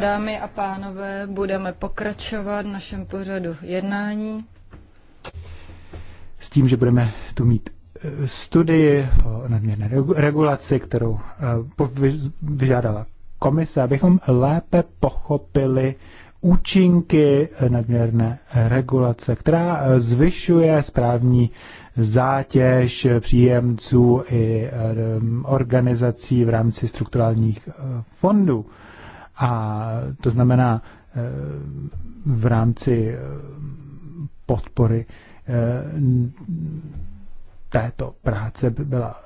Dámy a pánové, budeme pokračovat v našem pořadu jednání. S tím, že budeme tu mít e, studii o nadměrné regulaci, kterou e, vyžádala komise, abychom lépe pochopili účinky eh, nadměrné eh, regulace, která eh, zvyšuje správní zátěž příjemců i organizací v rámci strukturálních fondů. A to znamená v rámci podpory této práce byla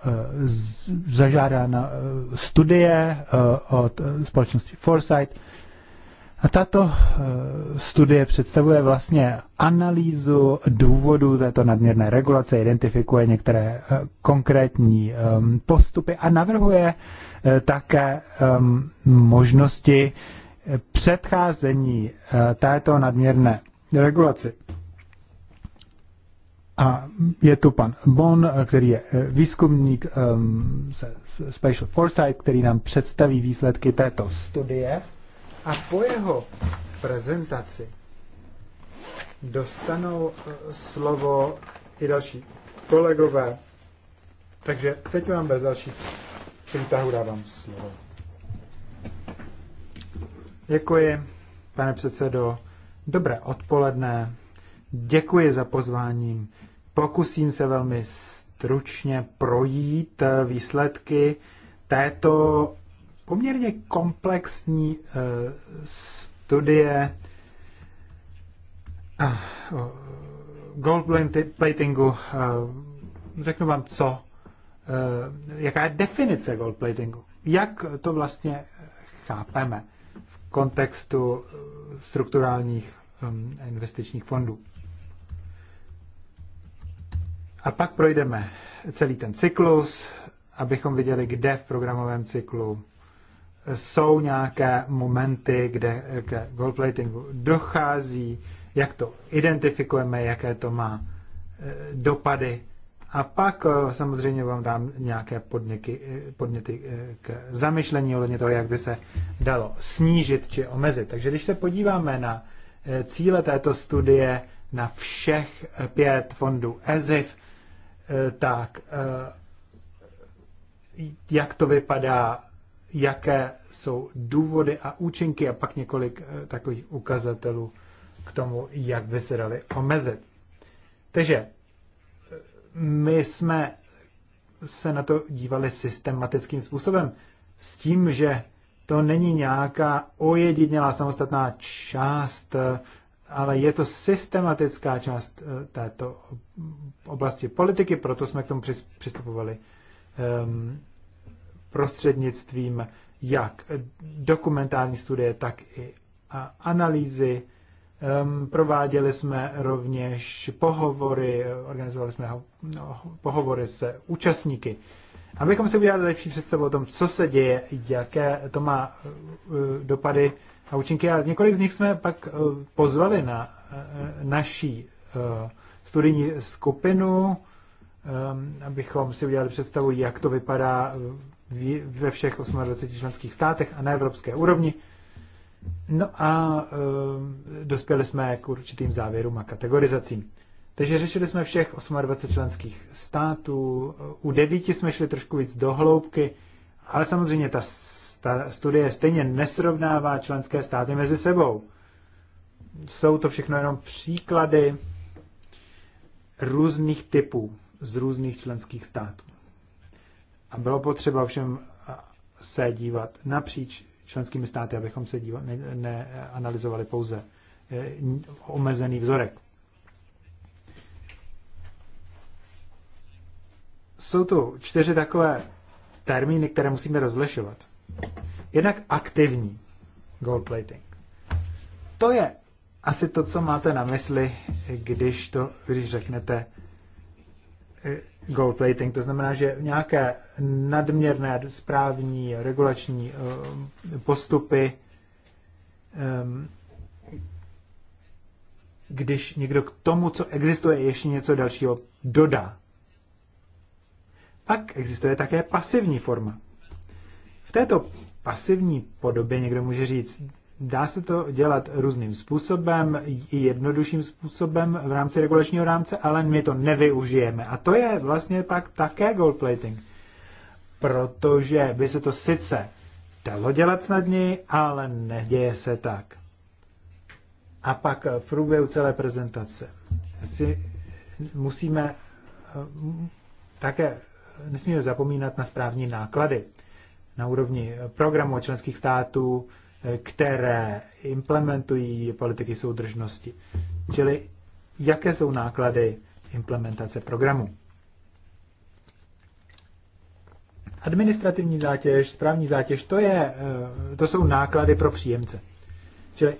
zažádána studie od společnosti Foresight, a tato eh, studie představuje vlastně analýzu důvodů této nadměrné regulace, identifikuje některé eh, konkrétní ehm, postupy a navrhuje eh, také ehm, možnosti předcházení této nadměrné regulaci. A je tu pan Bon, který je výzkumník um, ehm, Special Foresight, který nám představí výsledky této studie. A po jeho prezentaci dostanou eh, slovo i další kolegové. Takže teď vám bez dalších přítahů dávám slovo. Děkuji, pane předsedo. Dobré odpoledne. Děkuji za pozvání. Pokusím se velmi stručně projít eh, výsledky této poměrně komplexní eh, studie eh, gold platingu. Eh, řeknu vám, co, jaká je definice gold platingu. Jak to vlastně chápeme v kontextu strukturálních investičních fondů. A pak projdeme celý ten cyklus, abychom viděli, kde v programovém cyklu jsou nějaké momenty, kde k goldplatingu dochází, jak to identifikujeme, jaké to má e, dopady. A pak e, samozřejmě vám dám nějaké podniky, e, podněty k zamyšlení ohledně toho, jak by se dalo snížit či omezit. Takže když se podíváme na cíle této studie na všech pět fondů EZIF, tak jak to vypadá jaké jsou důvody a účinky a pak několik eh, takových ukazatelů k tomu, jak by se dali omezit. Takže eh, my jsme se na to dívali systematickým způsobem s tím, že to není nějaká ojedinělá samostatná část, eh, ale je to systematická část této oblasti politiky, proto jsme k tomu přistupovali ehm, prostřednictvím jak dokumentární studie, tak i analýzy. Prováděli jsme rovněž pohovory, organizovali jsme no, pohovory se účastníky, abychom si udělali lepší představu o tom, co se děje, jaké to má eh, dopady a účinky. A několik z nich jsme pak eh, pozvali na eh, naší studijní skupinu, abychom si udělali představu, jak to vypadá ve všech 28 členských státech a na evropské úrovni. No a e, dospěli jsme k určitým závěrům a kategorizacím. Takže řešili jsme všech 28 členských států, u devíti jsme šli trošku víc do hloubky, ale samozřejmě ta, ta studie stejně nesrovnává členské státy mezi sebou. Jsou to všechno jenom příklady různých typů z různých členských států. A bylo potřeba všem se dívat napříč členskými státy, abychom se dívat, ne, pouze e, omezený vzorek. Jsou tu čtyři takové termíny, které musíme rozlišovat. Jednak aktivní gold plating. To je asi to, co máte na mysli, když, to, když řeknete, e, gold plating. To znamená, že nějaké nadměrné správní regulační eh, postupy, ehm, když někdo k tomu, co existuje, ještě něco dalšího dodá. Pak existuje také pasivní forma. V této pasivní podobě někdo může říct, Dá se to dělat různým způsobem, i jednodušším způsobem v rámci regulačního rámce, ale my to nevyužijeme. A to je vlastně pak také plating. protože by se to sice dalo dělat snadněji, ale neděje se tak. A pak v průběhu celé prezentace si musíme eh, také, nesmíme zapomínat na správní náklady na úrovni programu členských států, Eh, které implementují politiky soudržnosti. Čili jaké jsou náklady implementace programu. Administrativní zátěž, správní zátěž, to, je, eh, to jsou náklady pro příjemce. Čili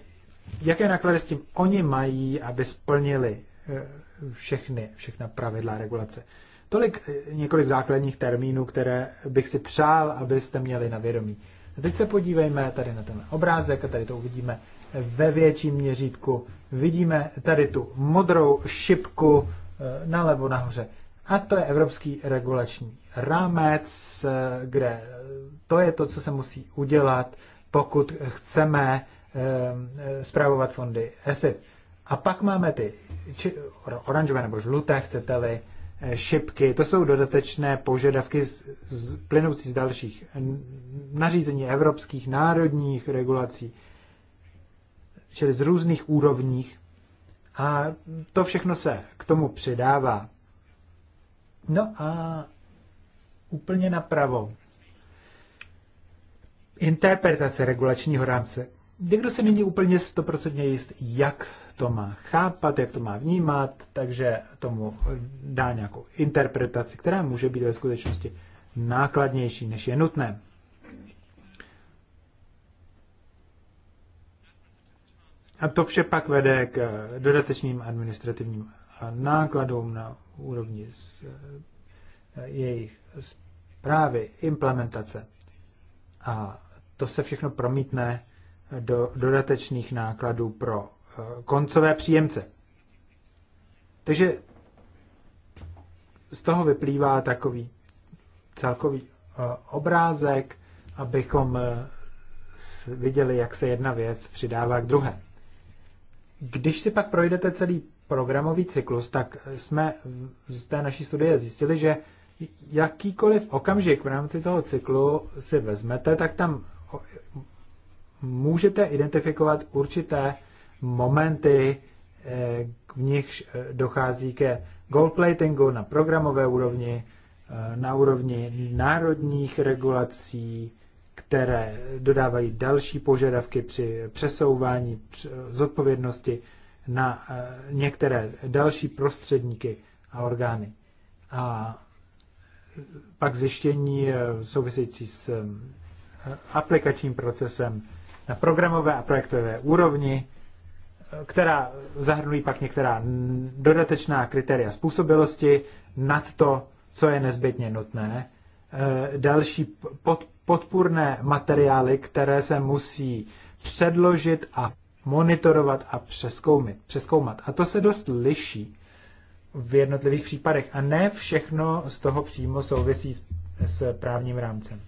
jaké náklady s tím oni mají, aby splnili eh, všechny, všechna pravidla regulace. Tolik několik základních termínů, které bych si přál, abyste měli na vědomí. A teď se podívejme tady na ten obrázek a tady to uvidíme ve větším měřítku. Vidíme tady tu modrou šipku eh, nalevo nahoře. A to je evropský regulační rámec, eh, kde to je to, co se musí udělat, pokud chceme zpravovat eh, fondy ESIF. A pak máme ty či, oranžové nebo žluté, chcete-li, šipky. To jsou dodatečné požadavky z, z, plynoucí z dalších nařízení evropských, národních regulací, čili z různých úrovních. A to všechno se k tomu přidává. No a úplně napravo. Interpretace regulačního rámce. Někdo se není úplně stoprocentně jist, jak to má chápat, jak to má vnímat, takže tomu dá nějakou interpretaci, která může být ve skutečnosti nákladnější, než je nutné. A to vše pak vede k dodatečným administrativním nákladům na úrovni z eh, jejich zprávy, implementace. A to se všechno promítne do dodatečných nákladů pro Eh, koncové příjemce. Takže z toho vyplývá takový celkový eh, obrázek, abychom eh, viděli, jak se jedna věc přidává k druhé. Když si pak projdete celý programový cyklus, tak jsme z té naší studie zjistili, že jakýkoliv okamžik v rámci toho cyklu si vezmete, tak tam můžete identifikovat určité momenty, eh, v nichž eh, dochází ke goldplatingu na programové úrovni, eh, na úrovni národních regulací, které dodávají další požadavky při přesouvání zodpovědnosti na některé další prostředníky a orgány. A pak zjištění související s aplikačním procesem na programové a projektové úrovni, která zahrnují pak některá dodatečná kritéria způsobilosti nad to, co je nezbytně nutné. E, další podpůrné materiály, které se musí předložit a monitorovat a přeskoumat. přeskoumat. A to se dost liší v jednotlivých případech. A ne všechno z toho přímo souvisí s, s právním rámcem.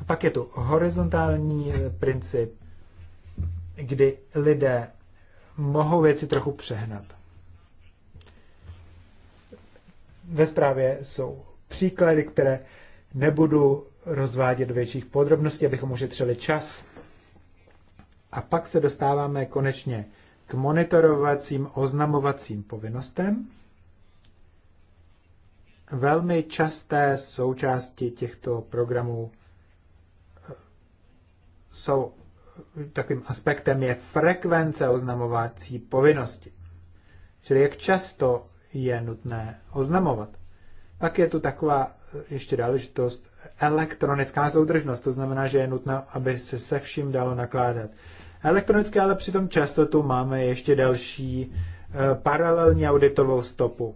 A pak je tu horizontální princip, kdy lidé mohou věci trochu přehnat. Ve zprávě jsou příklady, které nebudu rozvádět do větších podrobností, abychom ušetřili čas. A pak se dostáváme konečně k monitorovacím oznamovacím povinnostem. Velmi časté součásti těchto programů jsou takovým aspektem je frekvence oznamovací povinnosti. Čili jak často je nutné oznamovat. Pak je tu taková eh, ještě záležitost elektronická soudržnost, to znamená, že je nutné, aby se se vším dalo nakládat. Elektronické, ale přitom často tu máme ještě další e, paralelní auditovou stopu,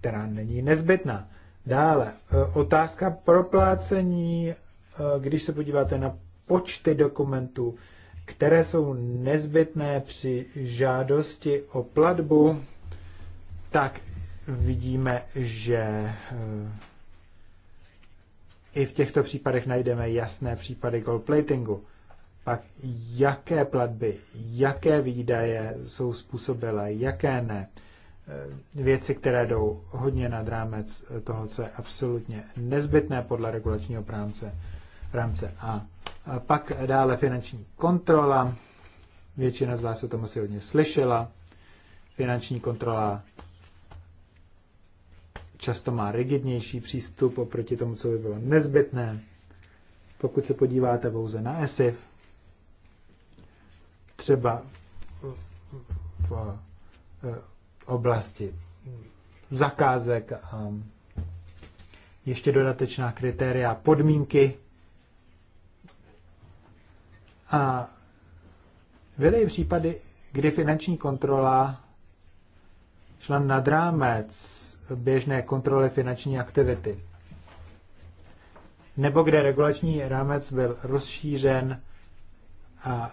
která není nezbytná. Dále, e, otázka proplácení, e, když se podíváte na počty dokumentů, které jsou nezbytné při žádosti o platbu, tak vidíme, že eh, i v těchto případech najdeme jasné případy gold platingu. Pak jaké platby, jaké výdaje jsou způsobilé, jaké ne. Eh, věci, které jdou hodně nad rámec toho, co je absolutně nezbytné podle regulačního prámce rámce A. A pak dále finanční kontrola. Většina z vás o tom asi hodně slyšela. Finanční kontrola často má rigidnější přístup oproti tomu, co by bylo nezbytné. Pokud se podíváte pouze na ESIF, třeba v, v, v eh, oblasti zakázek, ještě dodatečná kritéria, podmínky a byly případy, kdy finanční kontrola šla nad rámec běžné kontroly finanční aktivity. Nebo kde regulační rámec byl rozšířen a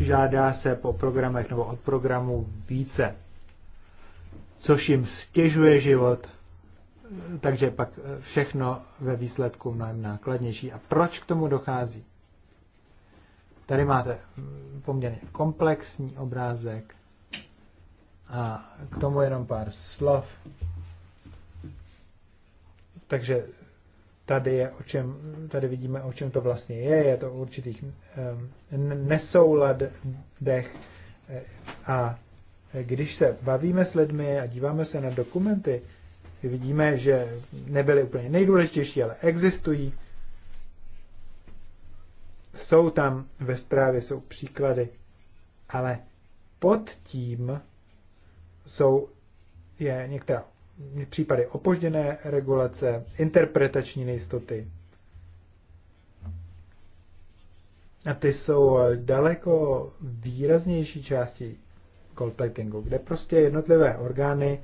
žádá se po programech nebo od programu více, což jim stěžuje život, takže pak všechno ve výsledku mnohem nákladnější. A proč k tomu dochází? Tady máte poměrně komplexní obrázek a k tomu jenom pár slov. Takže tady, je o čem, tady vidíme, o čem to vlastně je. Je to o určitých nesouladech a když se bavíme s lidmi a díváme se na dokumenty, vidíme, že nebyly úplně nejdůležitější, ale existují jsou tam ve zprávě, jsou příklady, ale pod tím jsou je některá případy opožděné regulace, interpretační nejistoty. A ty jsou daleko výraznější části goldplatingu, kde prostě jednotlivé orgány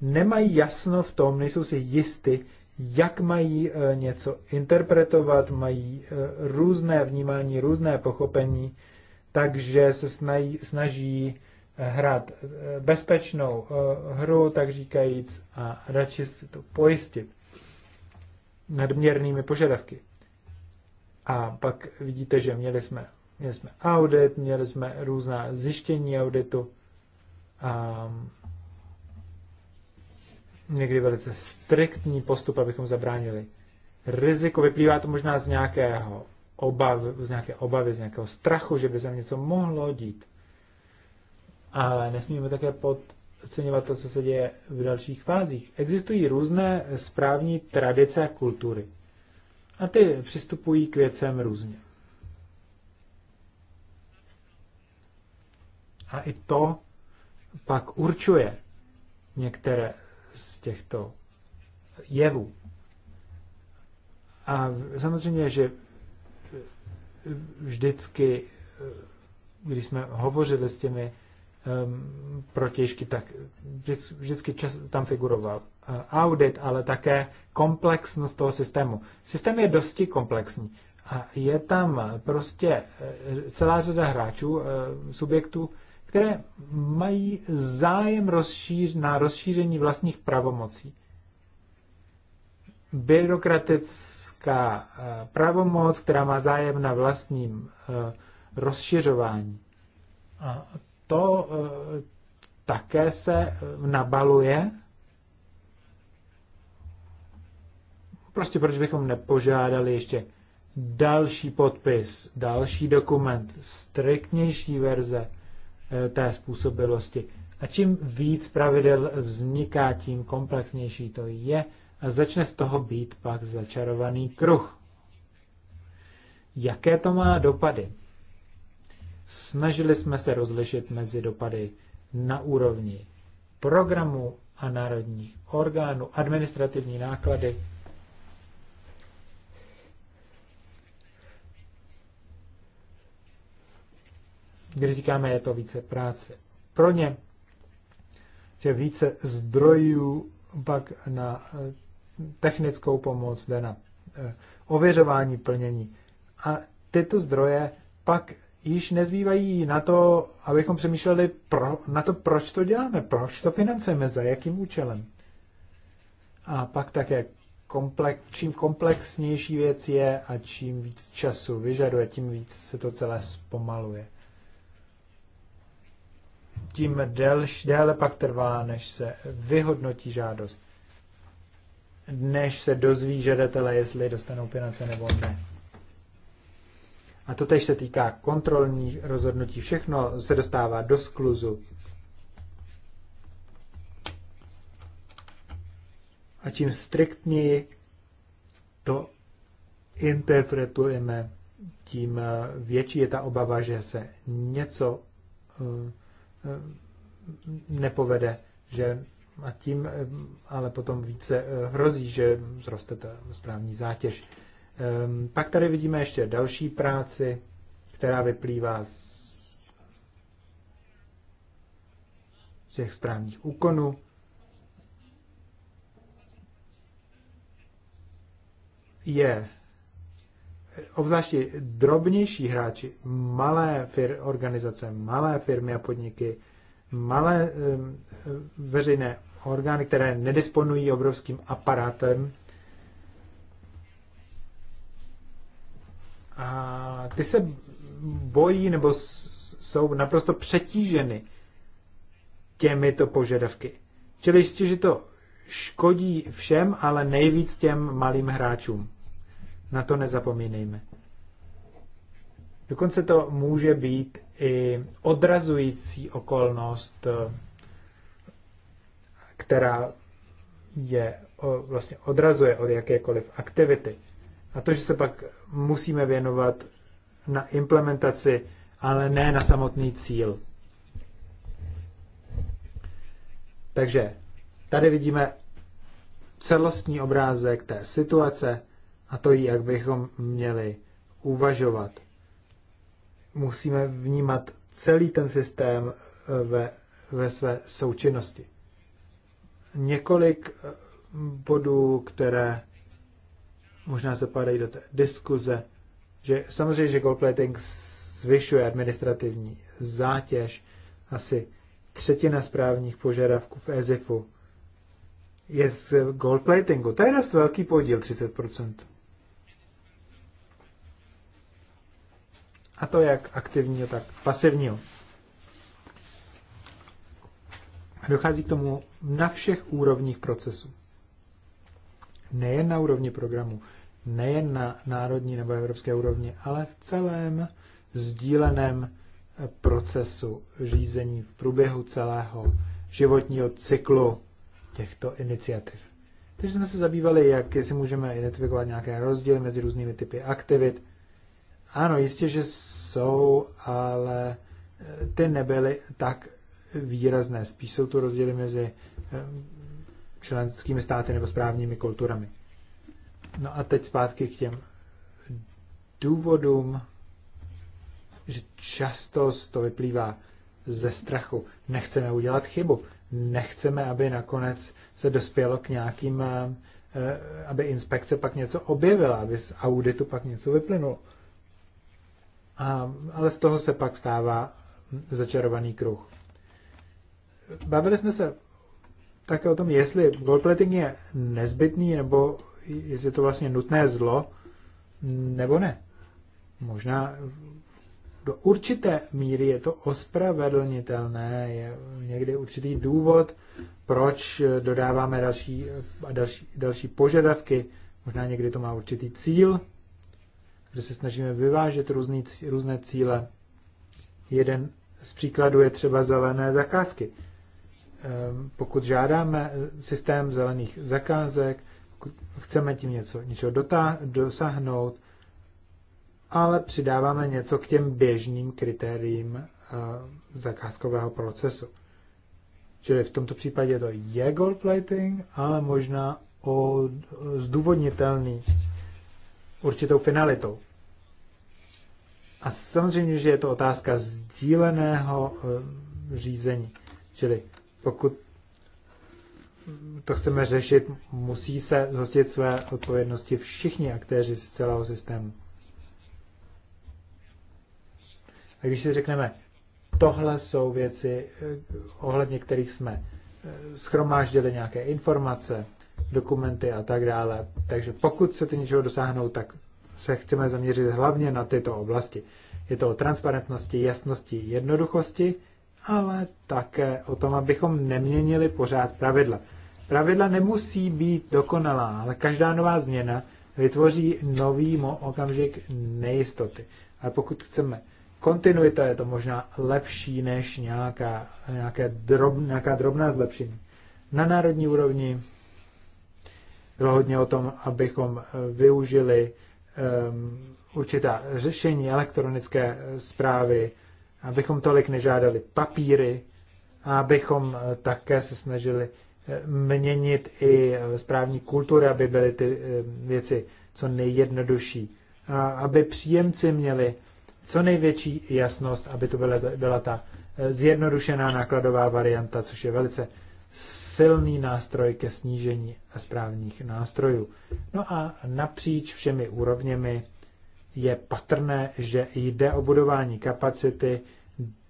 nemají jasno v tom, nejsou si jisty, jak mají eh, něco interpretovat, mají eh, různé vnímání, různé pochopení, takže se snaží, snaží eh, hrát bezpečnou hru, tak říkajíc, a radši si to pojistit nadměrnými požadavky. A pak vidíte, že měli jsme, měli jsme audit, měli jsme různá zjištění auditu a někdy velice striktní postup, abychom zabránili riziku. Vyplývá to možná z nějakého obav, z nějaké obavy, z nějakého strachu, že by se něco mohlo dít. Ale nesmíme také podceňovat to, co se děje v dalších fázích. Existují různé správní tradice a kultury. A ty přistupují k věcem různě. A i to pak určuje některé z těchto jevů. A samozřejmě, že vždycky, když jsme hovořili s těmi um, protěžky, tak vždycky čas, tam figuroval uh, audit, ale také komplexnost toho systému. Systém je dosti komplexní a je tam prostě uh, celá řada hráčů, uh, subjektů, které mají zájem rozšíř, na rozšíření vlastních pravomocí. Byrokratická eh, pravomoc, která má zájem na vlastním eh, rozšiřování. A to eh, také se nabaluje. Prostě proč bychom nepožádali ještě další podpis, další dokument, striktnější verze, Eh, té způsobilosti. A čím víc pravidel vzniká, tím komplexnější to je a začne z toho být pak začarovaný kruh. Jaké to má dopady? Snažili jsme se rozlišit mezi dopady na úrovni programu a národních orgánů, administrativní náklady, když říkáme, je to více práce. Pro ně, že více zdrojů pak na eh, technickou pomoc, jde na eh, ověřování plnění. A tyto zdroje pak již nezbývají na to, abychom přemýšleli pro, na to, proč to děláme, proč to financujeme, za jakým účelem. A pak také komplex, čím komplexnější věc je a čím víc času vyžaduje, tím víc se to celé zpomaluje tím delš, déle pak trvá, než se vyhodnotí žádost, než se dozví žadatele, jestli dostanou finance nebo ne. A to tež se týká kontrolních rozhodnutí. Všechno se dostává do skluzu. A čím striktněji to interpretujeme, tím eh, větší je ta obava, že se něco eh, Eh, nepovede, že a tím eh, ale potom více eh, hrozí, že zroste ta správní zátěž. Ehm, pak tady vidíme ještě další práci, která vyplývá z těch správních úkonů. Je obzvláště drobnější hráči, malé fir, organizace, malé firmy a podniky, malé veřejné orgány, které nedisponují obrovským aparátem, a ty se bojí nebo jsou naprosto přetíženy těmito požadavky. Čili jistě, že to škodí všem, ale nejvíc těm malým hráčům. Na to nezapomínejme. Dokonce to může být i odrazující okolnost, eh, která je vlastně odrazuje od jakékoliv aktivity. A to, že se pak musíme věnovat na implementaci, ale ne na samotný cíl. Takže tady vidíme celostní obrázek té situace, a to, jak bychom měli uvažovat. Musíme vnímat celý ten systém eh, ve, ve své součinnosti. Několik eh, bodů, které možná zapadají do té diskuze, že samozřejmě, že plating zvyšuje administrativní zátěž, asi třetina správních požadavků v EZIFu je z goldplatingu. To je dost velký podíl, 30%. A to jak aktivního, tak pasivního. A dochází k tomu na všech úrovních procesu. Nejen na úrovni programu, nejen na národní nebo evropské úrovni, ale v celém sdíleném procesu řízení v průběhu celého životního cyklu těchto iniciativ. Takže jsme se zabývali, jak si můžeme identifikovat nějaké rozdíly mezi různými typy aktivit, ano, jistě, že jsou, ale eh, ty nebyly tak výrazné. Spíš jsou tu rozdíly mezi eh, členskými státy nebo správními kulturami. No a teď zpátky k těm důvodům, že často to vyplývá ze strachu. Nechceme udělat chybu. Nechceme, aby nakonec se dospělo k nějakým, eh, aby inspekce pak něco objevila, aby z auditu pak něco vyplynulo. A, ale z toho se pak stává začarovaný kruh. Bavili jsme se také o tom, jestli goldplating je nezbytný, nebo jestli je to vlastně nutné zlo, nebo ne. Možná do určité míry je to ospravedlnitelné, je někdy určitý důvod, proč dodáváme další, další, další požadavky, možná někdy to má určitý cíl, že se snažíme vyvážet různý, různé cíle. Jeden z příkladů je třeba zelené zakázky. Ehm, pokud žádáme systém zelených zakázek, chceme tím něco, něčeho dotá, dosáhnout, ale přidáváme něco k těm běžným kritériím eh, zakázkového procesu. Čili v tomto případě to je gold plating, ale možná o zdůvodnitelný určitou finalitou. A samozřejmě, že je to otázka sdíleného eh, řízení. Čili pokud to chceme řešit, musí se zhostit své odpovědnosti všichni aktéři z celého systému. A když si řekneme, tohle jsou věci, eh, ohledně kterých jsme eh, schromáždili nějaké informace, dokumenty a tak dále. Takže pokud chcete něčeho dosáhnout, tak se chceme zaměřit hlavně na tyto oblasti. Je to o transparentnosti, jasnosti, jednoduchosti, ale také o tom, abychom neměnili pořád pravidla. Pravidla nemusí být dokonalá, ale každá nová změna vytvoří nový okamžik nejistoty. Ale pokud chceme kontinuita, je to možná lepší než nějaká, nějaké drob, nějaká drobná zlepšení. Na národní úrovni bylo hodně o tom, abychom eh, využili um, určitá řešení elektronické zprávy, abychom tolik nežádali papíry, abychom eh, také se snažili eh, měnit i eh, správní kultury, aby byly ty věci co nejjednodušší. A aby příjemci měli co největší jasnost, aby to byla, byla ta zjednodušená nákladová varianta, což je velice silný nástroj ke snížení správních nástrojů. No a napříč všemi úrovněmi je patrné, že jde o budování kapacity,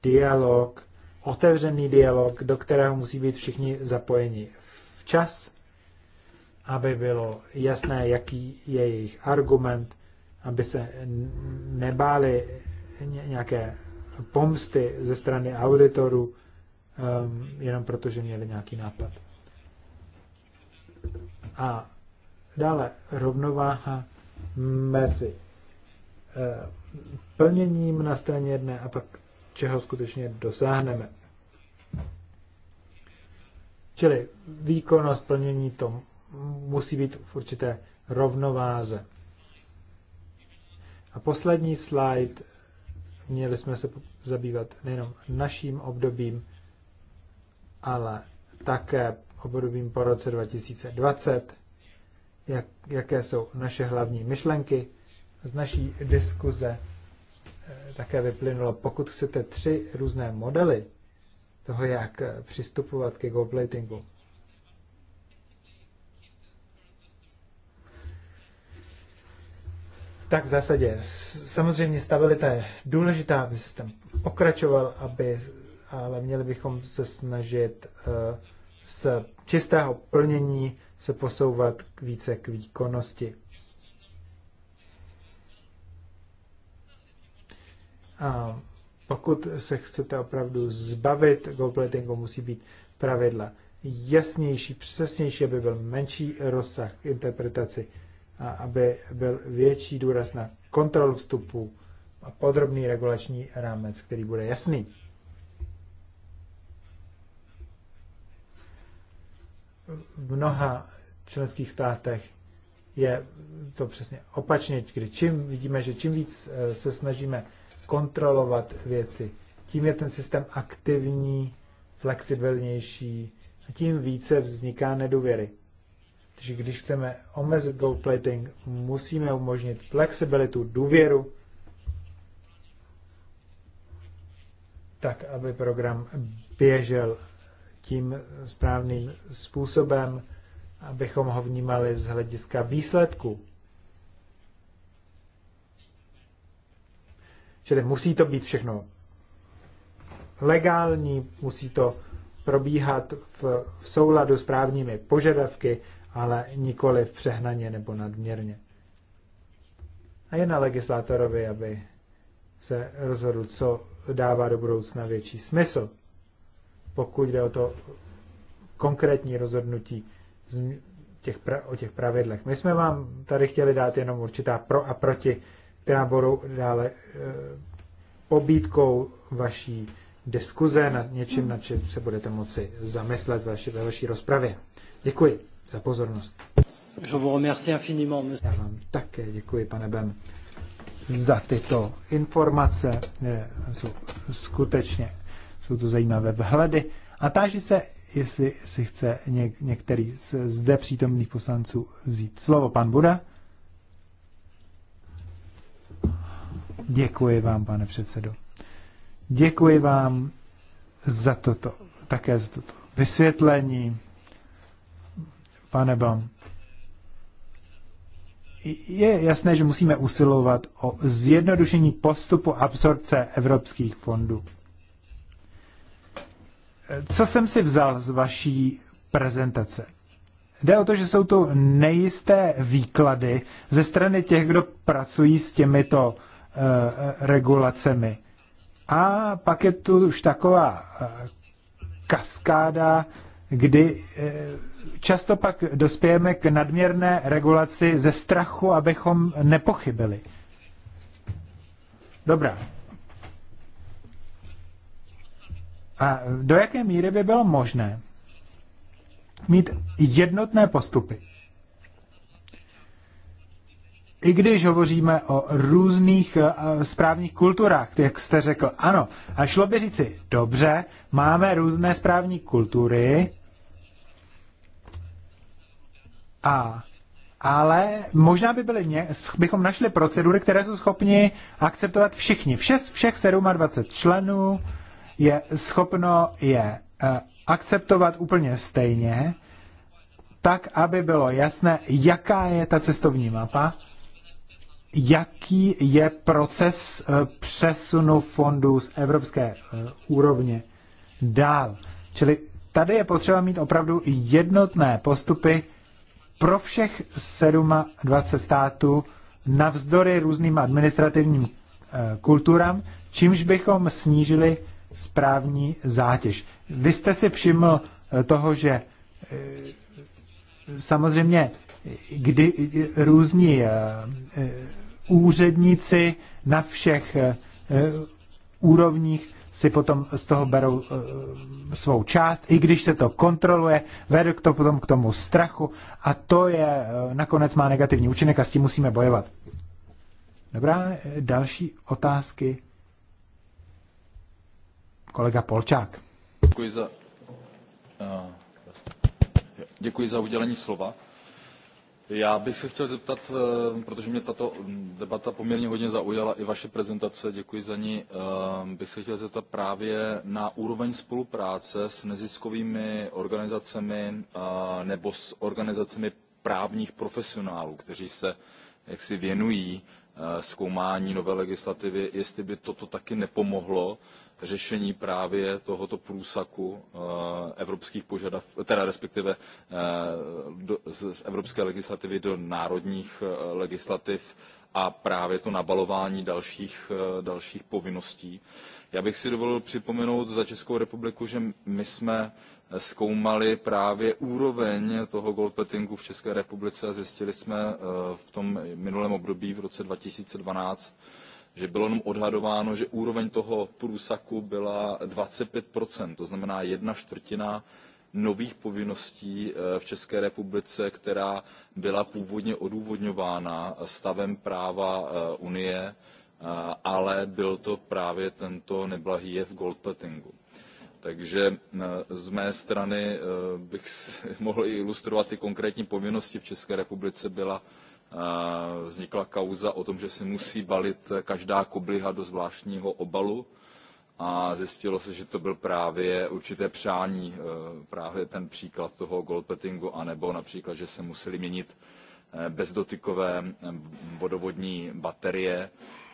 dialog, otevřený dialog, do kterého musí být všichni zapojeni včas, aby bylo jasné, jaký je jejich argument, aby se nebáli nějaké pomsty ze strany auditorů, Ehm, jenom proto, že měli nějaký nápad. A dále rovnováha mezi ehm, plněním na straně jedné a pak čeho skutečně dosáhneme. Čili výkonnost plnění to musí být v určité rovnováze. A poslední slide, měli jsme se zabývat nejenom naším obdobím, ale také obdobím po roce 2020, jak, jaké jsou naše hlavní myšlenky. Z naší diskuze eh, také vyplynulo, pokud chcete tři různé modely toho, jak eh, přistupovat ke goldplatingu, Tak v zásadě. Samozřejmě stabilita je důležitá, aby systém pokračoval, aby ale měli bychom se snažit eh, z čistého plnění se posouvat k více k výkonnosti. A pokud se chcete opravdu zbavit goalplatingu, musí být pravidla jasnější, přesnější, aby byl menší rozsah interpretaci a aby byl větší důraz na kontrolu vstupu a podrobný regulační rámec, který bude jasný. v mnoha členských státech je to přesně opačně, kdy čím vidíme, že čím víc eh, se snažíme kontrolovat věci, tím je ten systém aktivní, flexibilnější a tím více vzniká nedůvěry. Takže když chceme omezit gold plating, musíme umožnit flexibilitu, důvěru, tak aby program běžel tím správným způsobem, abychom ho vnímali z hlediska výsledku. Čili musí to být všechno legální, musí to probíhat v, v souladu s právními požadavky, ale nikoli v přehnaně nebo nadměrně. A je na legislátorovi, aby se rozhodl, co dává do budoucna větší smysl pokud jde o to konkrétní rozhodnutí těch pra, o těch pravidlech. My jsme vám tady chtěli dát jenom určitá pro a proti, která budou dále e, pobídkou vaší diskuze nad něčím, nad čím se budete moci zamyslet ve vaší, ve vaší rozpravě. Děkuji za pozornost. Je vous remercie infiniment, Já vám také děkuji, pane Ben, za tyto informace. E, jsou skutečně jsou to zajímavé vhledy a táži se, jestli si chce něk, některý z zde přítomných poslanců vzít slovo. Pan Buda? Děkuji vám, pane předsedo. Děkuji vám za toto, také za toto vysvětlení, pane Bam. Je jasné, že musíme usilovat o zjednodušení postupu absorpce evropských fondů co jsem si vzal z vaší prezentace? Jde o to, že jsou tu nejisté výklady ze strany těch, kdo pracují s těmito uh, regulacemi. A pak je tu už taková uh, kaskáda, kdy uh, často pak dospějeme k nadměrné regulaci ze strachu, abychom nepochybili. Dobrá, A do jaké míry by bylo možné mít jednotné postupy? I když hovoříme o různých eh, správních kulturách, jak jste řekl, ano, a šlo by říci, dobře, máme různé správní kultury, a ale možná by byly ně, bychom našli procedury, které jsou schopni akceptovat všichni. Všech, všech 27 členů je schopno je eh, akceptovat úplně stejně, tak, aby bylo jasné, jaká je ta cestovní mapa, jaký je proces eh, přesunu fondů z evropské eh, úrovně dál. Čili tady je potřeba mít opravdu jednotné postupy pro všech 27 států navzdory různým administrativním kulturám, čímž bychom snížili správní zátěž. Vy jste si všiml eh, toho, že eh, samozřejmě kdy eh, různí úředníci na všech úrovních si potom z toho berou svou část, i když se to kontroluje, vede k to potom k tomu strachu a to je nakonec má negativní účinek a s tím musíme bojovat. Dobrá, další otázky kolega Polčák. Děkuji za, eh, děkuji za udělení slova. Já bych se chtěl zeptat, eh, protože mě tato mm, debata poměrně hodně zaujala, i vaše prezentace, děkuji za ní, eh, bych se chtěl zeptat právě na úroveň spolupráce s neziskovými organizacemi nebo s organizacemi právních profesionálů, kteří se jaksi věnují zkoumání nové legislativy, jestli by toto taky nepomohlo řešení právě tohoto průsaku eh, evropských požadavků, teda respektive eh, z, evropské legislativy do národních eh, legislativ a právě to nabalování dalších, dalších povinností. Já bych si dovolil připomenout za Českou republiku, že my jsme zkoumali právě úroveň toho goldplatingu v České republice a zjistili jsme v tom minulém období v roce 2012, že bylo jenom odhadováno, že úroveň toho průsaku byla 25%, to znamená jedna čtvrtina nových povinností eh, v České republice, která byla původně odůvodňována stavem práva eh, Unie, eh, ale byl to právě tento neblahý jev goldplatingu. Takže z mé strany bych mohl ilustrovat ty konkrétní povinnosti v České republice byla vznikla kauza o tom, že se musí balit každá kobliha do zvláštního obalu a zjistilo se, že to byl právě určité přání, e, právě ten příklad toho goldplatingu, anebo například, že se museli měnit e, bezdotykové vodovodní baterie,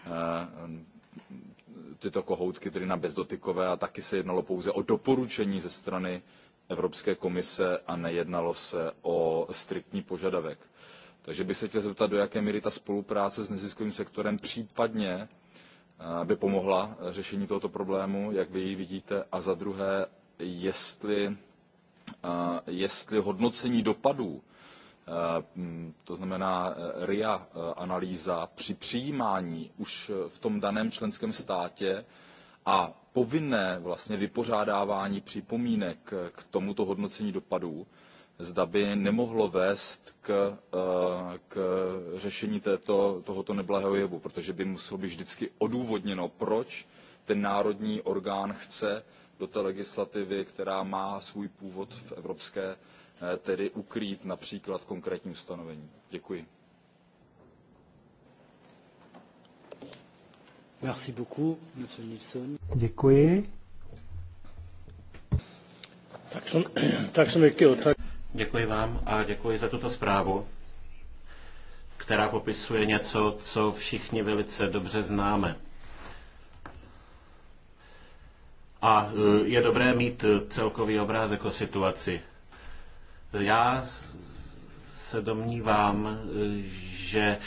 e, tyto kohoutky tedy na bezdotykové a taky se jednalo pouze o doporučení ze strany Evropské komise a nejednalo se o striktní požadavek takže bych se chtěl zeptat, do jaké míry ta spolupráce s neziskovým sektorem případně eh, by pomohla eh, řešení tohoto problému, jak vy ji vidíte, a za druhé, jestli, eh, jestli hodnocení dopadů, to znamená RIA analýza při přijímání už v tom daném členském státě a povinné vlastně vypořádávání připomínek k tomuto hodnocení dopadů, zda by nemohlo vést k, eh, k řešení této, tohoto neblahého jevu, protože by muselo být vždycky odůvodněno, proč ten národní orgán chce do té legislativy, která má svůj původ v evropské, eh, tedy ukrýt například konkrétní ustanovení. Děkuji. Merci beaucoup, Monsieur Nilsson. Děkuji. Tak, tak, tak. Děkuji vám a děkuji za tuto zprávu, která popisuje něco, co všichni velice dobře známe. A e, je dobré mít e, celkový obrázek o jako situaci. Já se domnívám, e, že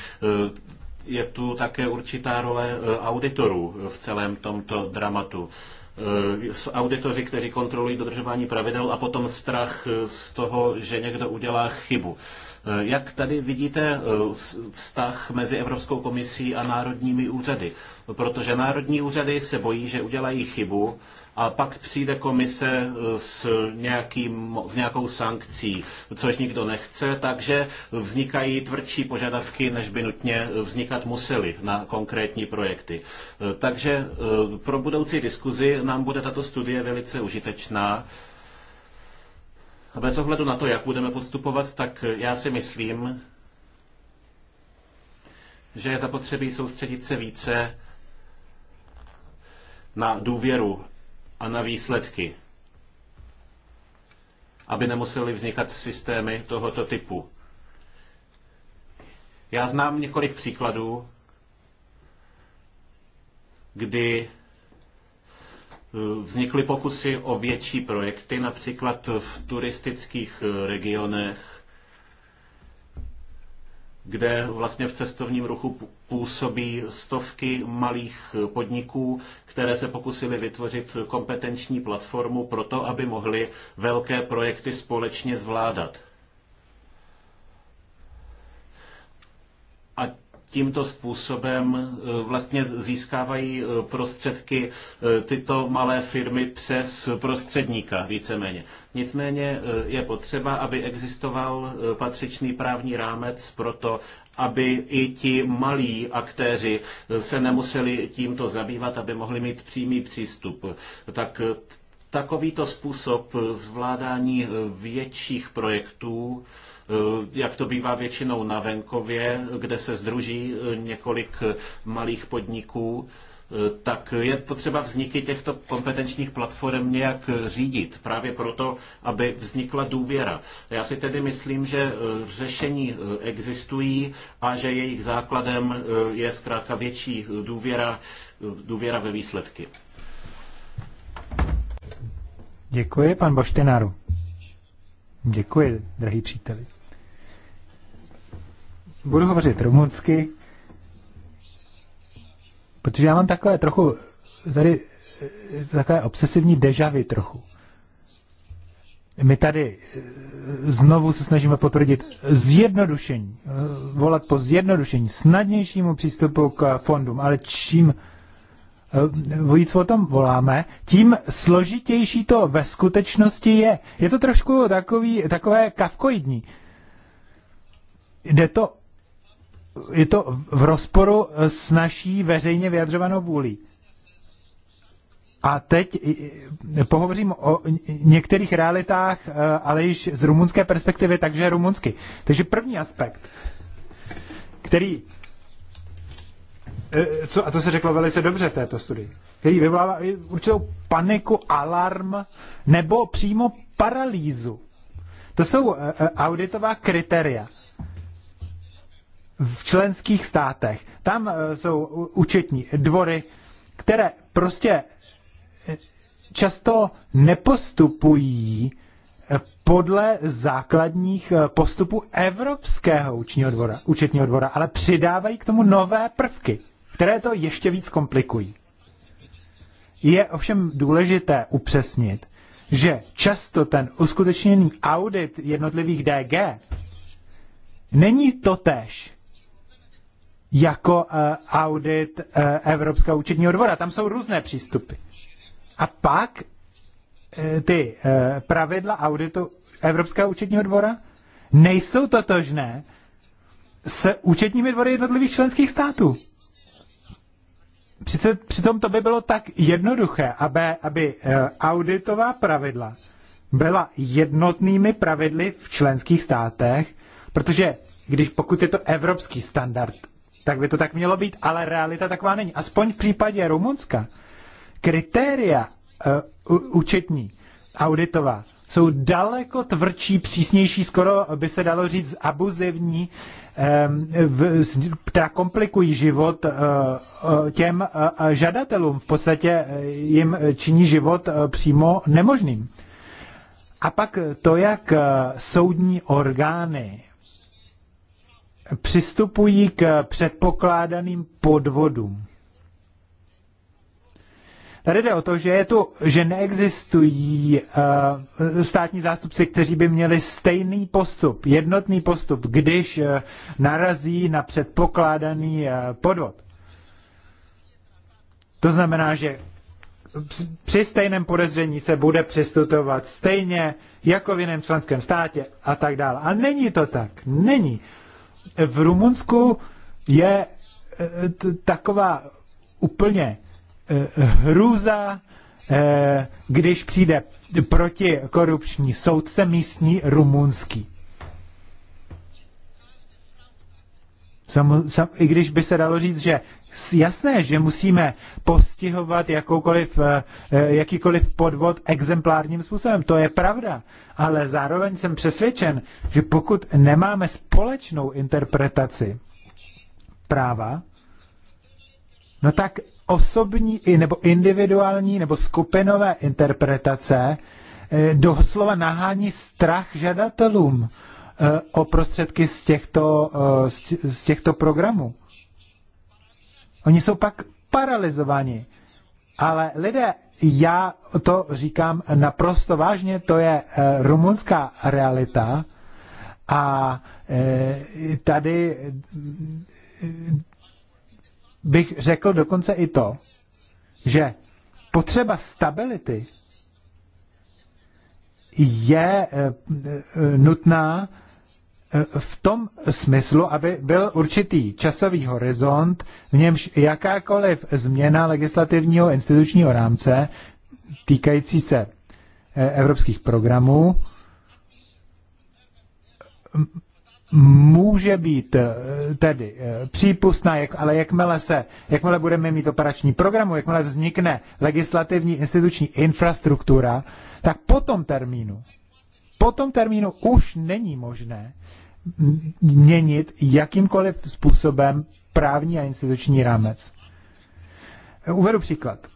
je tu také určitá role auditorů v celém tomto dramatu. Eh, auditoři, kteří kontrolují dodržování pravidel a potom strach eh, z toho, že někdo udělá chybu. Eh, jak tady vidíte vztah mezi Evropskou komisí a národními úřady? Protože národní úřady se bojí, že udělají chybu a pak přijde komise eh, s, nějakým, s nějakou sankcí, což nikdo nechce, takže vznikají tvrdší požadavky, než by nutně eh, vznikat musely na konkrétní projekty. Eh, takže pro budoucí diskuzi nám bude tato studie velice užitečná. A bez ohledu na to, jak budeme postupovat, tak já si myslím, že je zapotřebí soustředit se více na důvěru a na výsledky, aby nemusely vznikat systémy tohoto typu. Já znám několik příkladů, kdy eh, vznikly pokusy o větší projekty, například v turistických eh, regionech, kde vlastně v cestovním ruchu působí stovky malých podniků, které se pokusily vytvořit kompetenční platformu pro to, aby mohly velké projekty společně zvládat. A tímto způsobem e, vlastně získávají e, prostředky e, tyto malé firmy přes prostředníka víceméně. Nicméně je potřeba, aby existoval patřičný právní rámec pro to, aby i ti malí aktéři se nemuseli tímto zabývat, aby mohli mít přímý přístup. Tak takovýto způsob zvládání větších projektů Eh, jak to bývá většinou na venkově, kde se združí eh, několik eh, malých podniků, tak je potřeba vzniky těchto kompetenčních platform nějak řídit, právě proto, aby vznikla důvěra. Já si tedy myslím, že řešení existují a že jejich základem je zkrátka větší důvěra, důvěra ve výsledky. Děkuji, pan Boštenáru. Děkuji, drahý příteli budu hovořit rumunsky, protože já mám takové trochu, tady eh, takové obsesivní dejavy trochu. My tady eh, znovu se snažíme potvrdit zjednodušení, eh, volat po zjednodušení, snadnějšímu přístupu k fondům, ale čím víc o tom voláme, tím složitější to ve skutečnosti je. Je to trošku takový, takové kafkoidní. Jde to je to v rozporu s naší veřejně vyjadřovanou vůlí. A teď pohovořím o některých realitách, e, ale již z rumunské perspektivy, takže rumunsky. Takže první aspekt, který, e, co, a to se řeklo velice dobře v této studii, který vyvolává určitou paniku, alarm nebo přímo paralýzu. To jsou e, auditová kritéria v členských státech. Tam e, jsou účetní dvory, které prostě e, často nepostupují e, podle základních postupů Evropského účetního dvora, účetního dvora, ale přidávají k tomu nové prvky, které to ještě víc komplikují. Je ovšem důležité upřesnit, že často ten uskutečněný audit jednotlivých DG není totéž jako eh, audit eh, Evropského účetního dvora. Tam jsou různé přístupy. A pak eh, ty pravidla auditu Evropského účetního dvora nejsou totožné s účetními dvory jednotlivých členských států. Přice, přitom to by bylo tak jednoduché, aby, aby auditová pravidla byla jednotnými pravidly v členských státech, protože když pokud je to evropský standard, tak by to tak mělo být, ale realita taková není. Aspoň v případě Rumunska kritéria uh, účetní, auditová, jsou daleko tvrdší, přísnější, skoro by se dalo říct abuzivní, ehm, která komplikují život eh, eh, těm žadatelům. V podstatě jim činí život přímo nemožným. A pak to, jak soudní orgány přistupují k předpokládaným podvodům. Tady jde o to, že, je tu, že neexistují uh, státní zástupci, kteří by měli stejný postup, jednotný postup, když uh, narazí na předpokládaný uh, podvod. To znamená, že při stejném podezření se bude přistupovat stejně jako v jiném členském státě a tak dále. A není to tak. Není. Uh, v Rumunsku je e, taková úplně e, hrůza, e, když přijde protikorupční soudce místní rumunský. Sam, sam, I když by se dalo říct, že jasné, že musíme postihovat jakoukoliv, eh, eh, jakýkoliv podvod exemplárním způsobem, to je pravda, ale zároveň jsem přesvědčen, že pokud nemáme společnou interpretaci práva, no tak osobní nebo individuální nebo skupinové interpretace eh, doslova nahání strach žadatelům. Eh, o prostředky z těchto, eh, z těchto programů. Oni jsou pak paralizováni. Ale lidé, já to říkám naprosto vážně, to je eh, rumunská realita a tady bych řekl dokonce i to, že potřeba stability je nutná v tom smyslu, aby byl určitý časový horizont, v němž jakákoliv změna legislativního institučního rámce týkající se eh, evropských programů může být eh, tedy eh, přípustná, jak, ale jakmile, se, jakmile budeme mít operační programu, jakmile vznikne legislativní instituční infrastruktura, tak po tom termínu, po tom termínu už není možné měnit jakýmkoliv způsobem právní a instituční rámec. Uvedu příklad.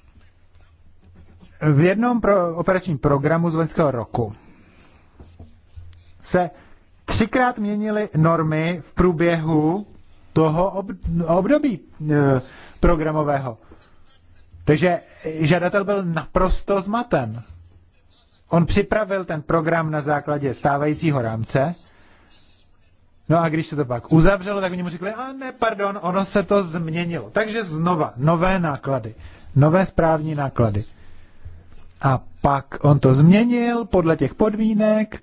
V jednom pro operačním programu z loňského roku se třikrát měnily normy v průběhu toho období e, programového. Takže žadatel byl naprosto zmaten. On připravil ten program na základě stávajícího rámce No a když se to pak uzavřelo, tak oni mu řekli, a ne, pardon, ono se to změnilo. Takže znova, nové náklady, nové správní náklady. A pak on to změnil podle těch podmínek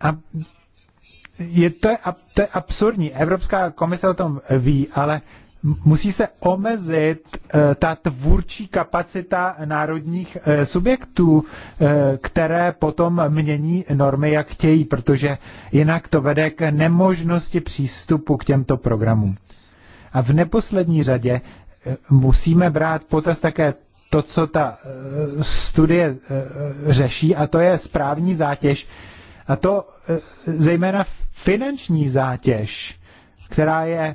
a je to, je, to je absurdní. Evropská komise o tom ví, ale musí se omezit eh, ta tvůrčí kapacita národních eh, subjektů, eh, které potom mění normy, jak chtějí, protože jinak to vede k nemožnosti přístupu k těmto programům. A v neposlední řadě musíme brát potaz také to, co ta studie řeší, a to je správní zátěž, a to zejména finanční zátěž, která je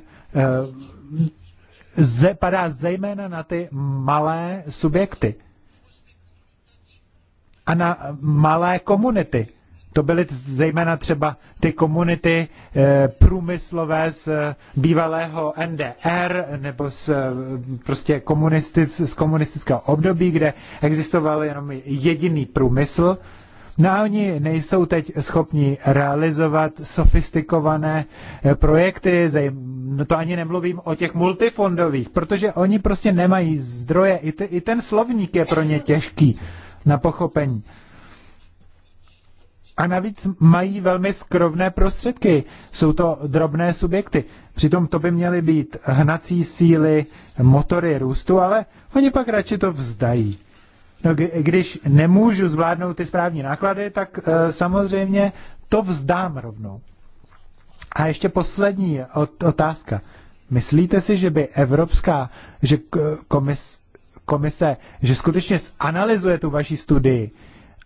ze, padá zejména na ty malé subjekty a na malé komunity. To byly zejména třeba ty komunity e, průmyslové z eh, bývalého NDR nebo z, eh, prostě komunistic, z komunistického období, kde existoval jenom jediný průmysl. No a oni nejsou teď schopni realizovat sofistikované projekty, zejména no to ani nemluvím o těch multifondových, protože oni prostě nemají zdroje, i, te, i ten slovník je pro ně těžký na pochopení. A navíc mají velmi skrovné prostředky. Jsou to drobné subjekty. Přitom to by měly být hnací síly, motory růstu, ale oni pak radši to vzdají. No, když nemůžu zvládnout ty správní náklady, tak e, samozřejmě to vzdám rovnou. A ještě poslední otázka. Myslíte si, že by Evropská že komis, komise, že skutečně zanalizuje tu vaši studii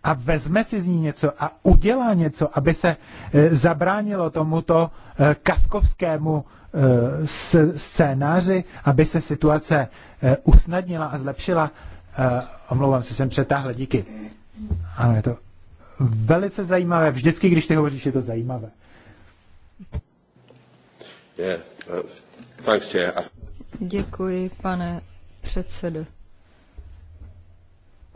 a vezme si z ní něco a udělá něco, aby se e, zabránilo tomuto e, kafkovskému e, scénáři, aby se situace usnadnila a zlepšila? Omlouvám se, jsem přetáhl, díky. Ano, je to velice zajímavé. Vždycky, když ty hovoříš, je to zajímavé. Uh, Děkuji, pane předsedo.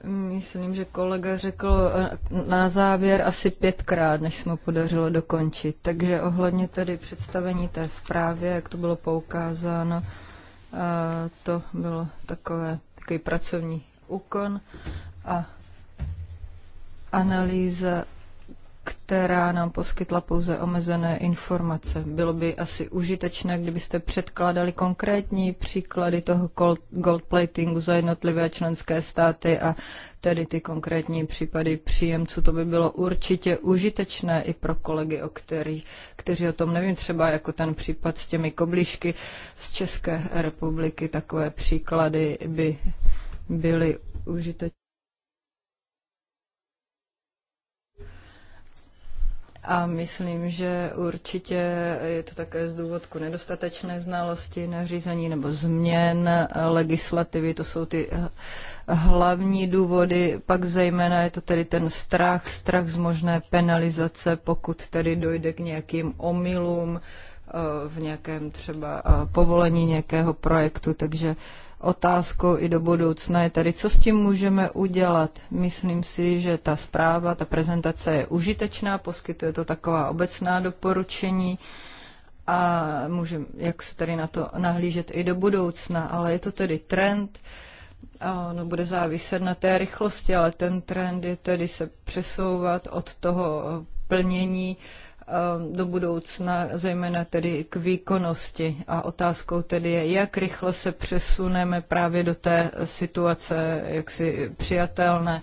Myslím, že kolega řekl eh, na závěr asi pětkrát, než jsme podařilo dokončit. Takže ohledně tedy představení té zprávy, jak to bylo poukázáno, eh, to bylo takové, takový pracovní úkon a analýza která nám poskytla pouze omezené informace. Bylo by asi užitečné, kdybyste předkládali konkrétní příklady toho gold platingu za jednotlivé členské státy a tedy ty konkrétní případy příjemců. To by bylo určitě užitečné i pro kolegy, o který, kteří o tom nevím, třeba jako ten případ s těmi koblížky z České republiky, takové příklady by byly užitečné. A myslím, že určitě je to také z důvodku nedostatečné znalosti nařízení nebo změn legislativy. To jsou ty eh, hlavní důvody. Pak zejména je to tedy ten strach, strach z možné penalizace, pokud tedy dojde k nějakým omylům eh, v nějakém třeba eh, povolení nějakého projektu. Takže otázkou i do budoucna je tady, co s tím můžeme udělat. Myslím si, že ta zpráva, ta prezentace je užitečná, poskytuje to taková obecná doporučení a můžeme, jak se tady na to nahlížet i do budoucna, ale je to tedy trend, Ono bude záviset na té rychlosti, ale ten trend je tedy se přesouvat od toho plnění Um, do budoucna, zejména tedy k výkonnosti. A otázkou tedy je, jak rychle se přesuneme právě do té situace jaksi přijatelné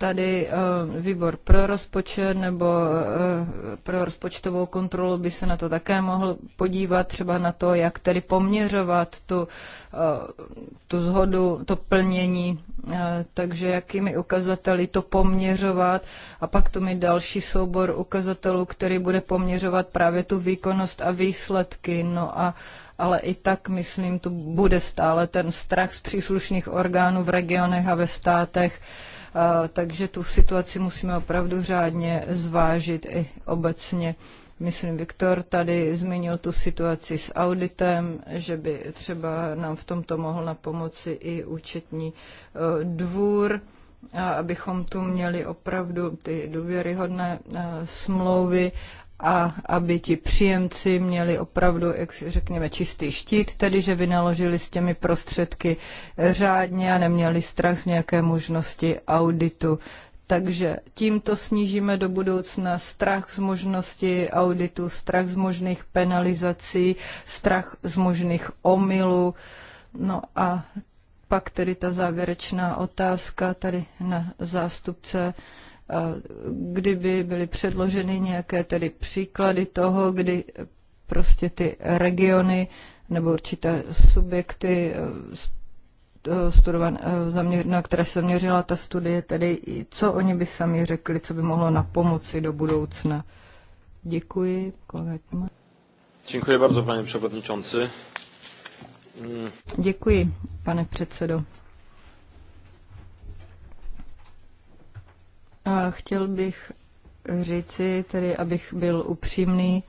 tady eh, výbor pro rozpočet nebo eh, pro rozpočtovou kontrolu by se na to také mohl podívat, třeba na to, jak tedy poměřovat tu, eh, tu zhodu, to plnění, takže jakými ukazateli to poměřovat a pak to mi další soubor ukazatelů, který bude poměřovat právě tu výkonnost a výsledky. No a ale i tak, myslím, tu bude stále ten strach z příslušných orgánů v regionech a ve státech, uh, takže tu situaci musíme opravdu řádně zvážit i obecně. Myslím, Viktor tady zmínil tu situaci s auditem, že by třeba nám v tomto mohl na pomoci i účetní e, dvůr, abychom tu měli opravdu ty důvěryhodné e, smlouvy a aby ti příjemci měli opravdu, jak si řekněme, čistý štít, tedy že vynaložili s těmi prostředky řádně a neměli strach z nějaké možnosti auditu. Takže tímto snížíme do budoucna strach z možnosti auditu, strach z možných penalizací, strach z možných omylů. No a pak tedy ta závěrečná otázka tady na zástupce kdyby byly předloženy nějaké tedy příklady toho, kdy prostě ty regiony nebo určité subjekty eh, eh, studovan, eh, zaměř, na které se měřila ta studie, tedy co oni by sami řekli, co by mohlo na pomoci do budoucna. Děkuji. Kolega Děkuji bardzo, pane předsedající. Mm. Děkuji, pane předsedo. A chtěl bych říci, tedy abych byl upřímný,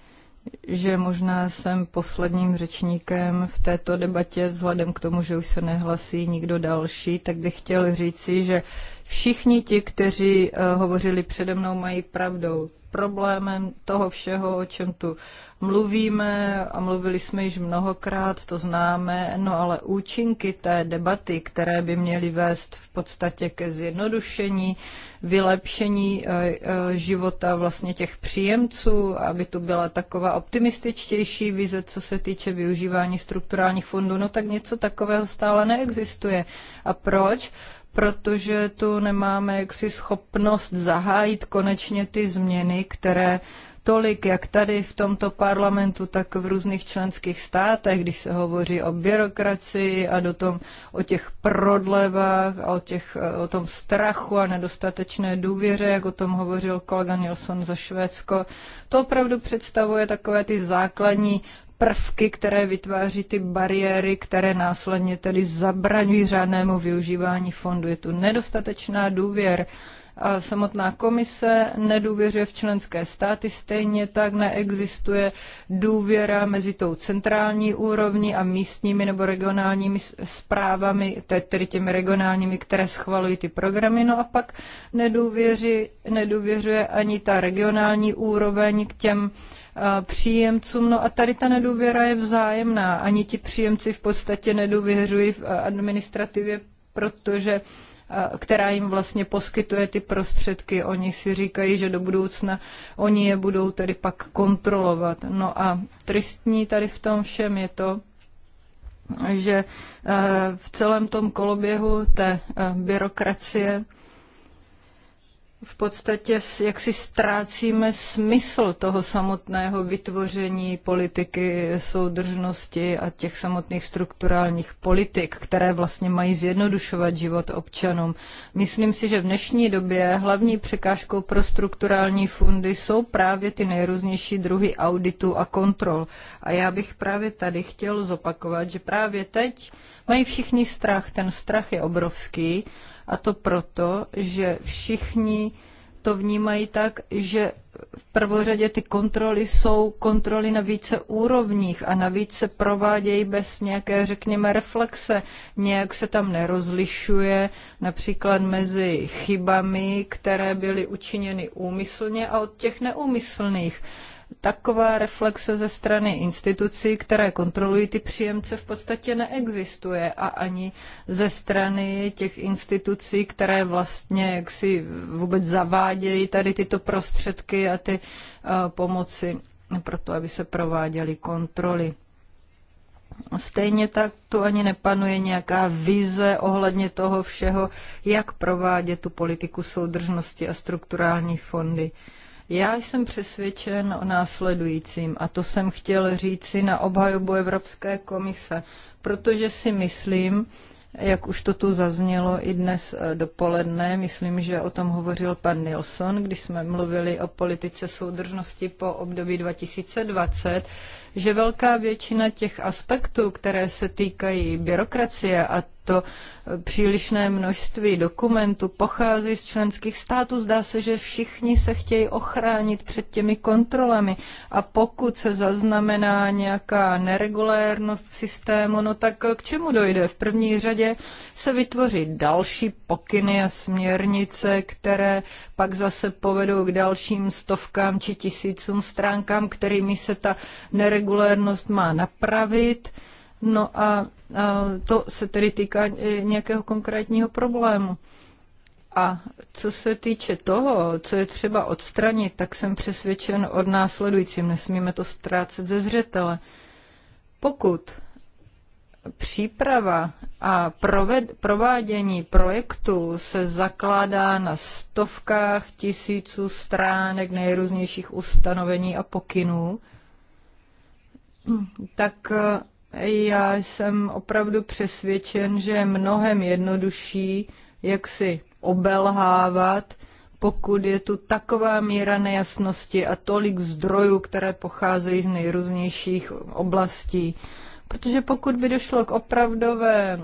že možná jsem posledním řečníkem v této debatě, vzhledem k tomu, že už se nehlasí nikdo další, tak bych chtěl říci, že všichni ti, kteří eh, hovořili přede mnou, mají pravdou problémem toho všeho, o čem tu mluvíme a mluvili jsme již mnohokrát, to známe, no ale účinky té debaty, které by měly vést v podstatě ke zjednodušení, vylepšení e, e, života vlastně těch příjemců, aby tu byla taková optimističtější vize, co se týče využívání strukturálních fondů, no tak něco takového stále neexistuje. A proč? protože tu nemáme jaksi schopnost zahájit konečně ty změny, které tolik, jak tady v tomto parlamentu, tak v různých členských státech, když se hovoří o byrokracii a do tom, o těch prodlevách a o, těch, e, o tom strachu a nedostatečné důvěře, jak o tom hovořil kolega Nilsson za Švédsko, to opravdu představuje takové ty základní prvky, které vytváří ty bariéry, které následně tedy zabraňují řádnému využívání fondu. Je tu nedostatečná důvěr. A samotná komise nedůvěřuje v členské státy, stejně tak neexistuje důvěra mezi tou centrální úrovní a místními nebo regionálními zprávami, tedy těmi regionálními, které schvalují ty programy. No a pak nedůvěři, nedůvěřuje ani ta regionální úroveň k těm uh, Eh, příjemcům. No a tady ta nedůvěra je vzájemná. Ani ti příjemci v podstatě nedůvěřují v eh, administrativě, protože eh, která jim vlastně poskytuje ty prostředky. Oni si říkají, že do budoucna oni je budou tedy pak kontrolovat. No a tristní tady v tom všem je to, že v celém tom koloběhu té byrokracie v podstatě jak si ztrácíme smysl toho samotného vytvoření politiky soudržnosti a těch samotných strukturálních politik, které vlastně mají zjednodušovat život občanům. Myslím si, že v dnešní době hlavní překážkou pro strukturální fundy jsou právě ty nejrůznější druhy auditu a kontrol. A já bych právě tady chtěl zopakovat, že právě teď mají všichni strach. Ten strach je obrovský a to proto, že všichni to vnímají tak, že v prvořadě ty kontroly jsou kontroly na více úrovních a navíc se provádějí bez nějaké, řekněme, reflexe. Nějak se tam nerozlišuje například mezi chybami, které byly učiněny úmyslně a od těch neúmyslných taková reflexe ze strany institucí, které kontrolují ty příjemce, v podstatě neexistuje a ani ze strany těch institucí, které vlastně jaksi vůbec zavádějí tady tyto prostředky a ty eh, pomoci pro to, aby se prováděly kontroly. Stejně tak tu ani nepanuje nějaká vize ohledně toho všeho, jak provádět tu politiku soudržnosti a strukturální fondy. Já jsem přesvědčen o následujícím a to jsem chtěl říci na obhajobu Evropské komise, protože si myslím, jak už to tu zaznělo i dnes eh, dopoledne, myslím, že o tom hovořil pan Nilsson, když jsme mluvili o politice soudržnosti po období 2020, že velká většina těch aspektů, které se týkají byrokracie a to přílišné množství dokumentů pochází z členských států. Zdá se, že všichni se chtějí ochránit před těmi kontrolami a pokud se zaznamená nějaká neregulérnost v systému, no tak k čemu dojde? V první řadě se vytvoří další pokyny a směrnice, které pak zase povedou k dalším stovkám či tisícům stránkám, kterými se ta neregulérnost má napravit. No a to se tedy týká e, nějakého konkrétního problému. A co se týče toho, co je třeba odstranit, tak jsem přesvědčen od následujícím. Nesmíme to ztrácet ze zřetele. Pokud příprava a proved, provádění projektu se zakládá na stovkách tisíců stránek nejrůznějších ustanovení a pokynů, tak já jsem opravdu přesvědčen, že je mnohem jednodušší, jak si obelhávat, pokud je tu taková míra nejasnosti a tolik zdrojů, které pocházejí z nejrůznějších oblastí. Protože pokud by došlo k opravdové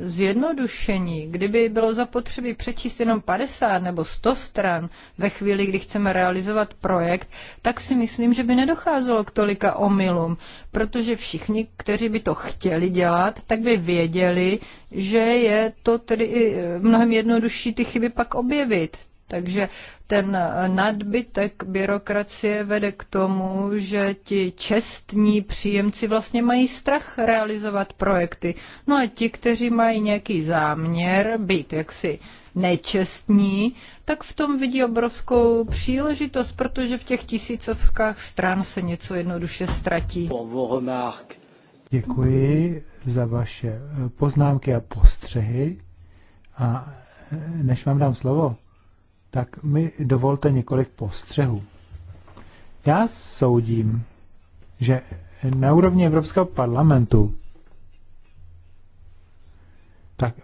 zjednodušení, kdyby bylo zapotřebí přečíst jenom 50 nebo 100 stran ve chvíli, kdy chceme realizovat projekt, tak si myslím, že by nedocházelo k tolika omylům, protože všichni, kteří by to chtěli dělat, tak by věděli, že je to tedy i mnohem jednodušší ty chyby pak objevit. Takže ten eh, nadbytek byrokracie vede k tomu, že ti čestní příjemci vlastně mají strach realizovat projekty. No a ti, kteří mají nějaký záměr být jaksi nečestní, tak v tom vidí obrovskou příležitost, protože v těch tisícovkách stran se něco jednoduše ztratí. Děkuji za vaše eh, poznámky a postřehy. A eh, než vám dám slovo, tak mi dovolte několik postřehů. Já soudím, že na úrovni Evropského parlamentu tak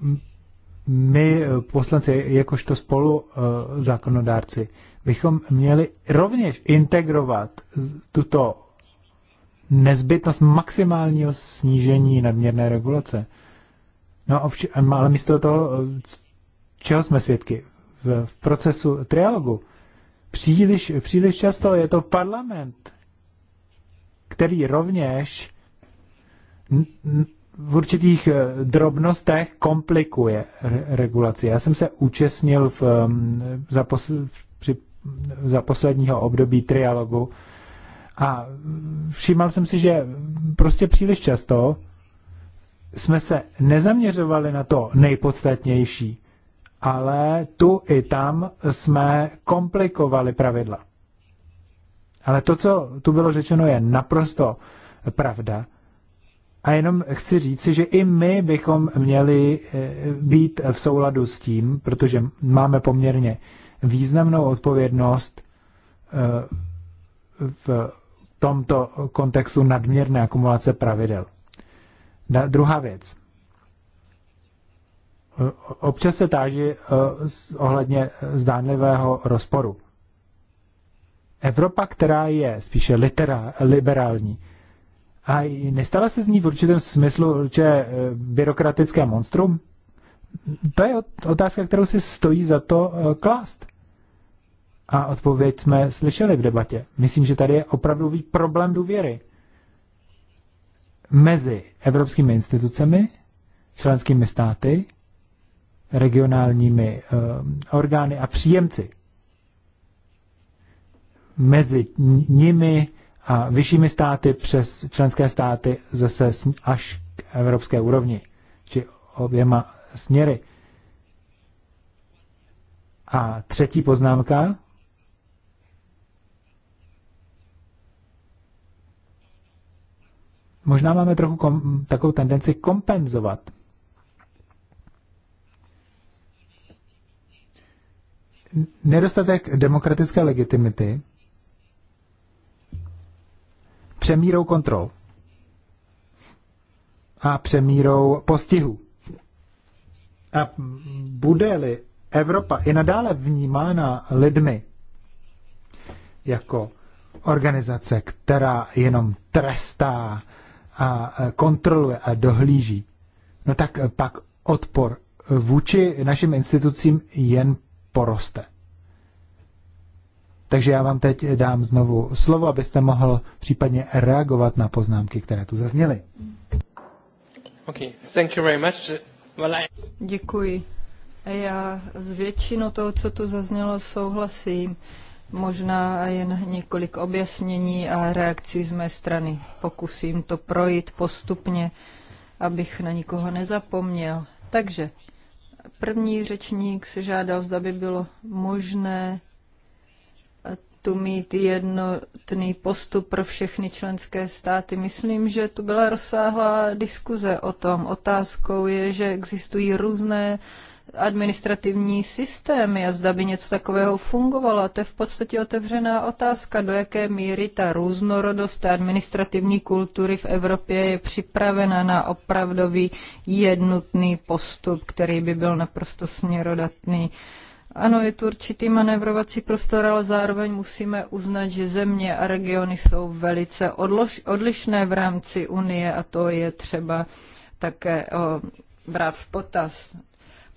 my, poslanci, jakožto spolu eh, zákonodárci, bychom měli rovněž integrovat tuto nezbytnost maximálního snížení nadměrné regulace. No ale místo toho, eh, čeho jsme svědky? v procesu trialogu. Příliš, příliš často je to parlament, který rovněž v určitých eh, drobnostech komplikuje regulaci. Já jsem se účastnil v, mm, za, posl- při, za posledního období trialogu a všímal jsem si, že prostě příliš často jsme se nezaměřovali na to nejpodstatnější ale tu i tam jsme komplikovali pravidla. Ale to, co tu bylo řečeno, je naprosto pravda. A jenom chci říci, že i my bychom měli e, být v souladu s tím, protože máme poměrně významnou odpovědnost e, v tomto kontextu nadměrné akumulace pravidel. Na druhá věc občas se táží eh, ohledně eh, zdánlivého rozporu. Evropa, která je spíše litera, liberální, a nestala se z ní v určitém smyslu určitě eh, byrokratické monstrum? To je otázka, kterou si stojí za to klást. A odpověď jsme slyšeli v debatě. Myslím, že tady je opravdový problém důvěry mezi evropskými institucemi, členskými státy regionálními eh, orgány a příjemci. Mezi nimi a vyššími státy přes členské státy zase až k evropské úrovni, či oběma směry. A třetí poznámka. Možná máme trochu kom, takovou tendenci kompenzovat nedostatek demokratické legitimity přemírou kontrol a přemírou postihu. A bude-li Evropa i nadále vnímána lidmi jako organizace, která jenom trestá a kontroluje a dohlíží, no tak pak odpor vůči našim institucím jen poroste. Takže já vám teď dám znovu slovo, abyste mohl případně reagovat na poznámky, které tu zazněly. Okay, thank you very much. Well, I... Děkuji. Já s většinou toho, co tu zaznělo, souhlasím. Možná jen několik objasnění a reakcí z mé strany. Pokusím to projít postupně, abych na nikoho nezapomněl. Takže První řečník se žádal, zda by bylo možné tu mít jednotný postup pro všechny členské státy. Myslím, že tu byla rozsáhlá diskuze o tom. Otázkou je, že existují různé administrativní systémy a zda by něco takového fungovalo. A to je v podstatě otevřená otázka, do jaké míry ta různorodost té administrativní kultury v Evropě je připravena na opravdový jednotný postup, který by byl naprosto směrodatný. Ano, je tu určitý manévrovací prostor, ale zároveň musíme uznat, že země a regiony jsou velice odlož, odlišné v rámci Unie a to je třeba také o, eh, brát v potaz.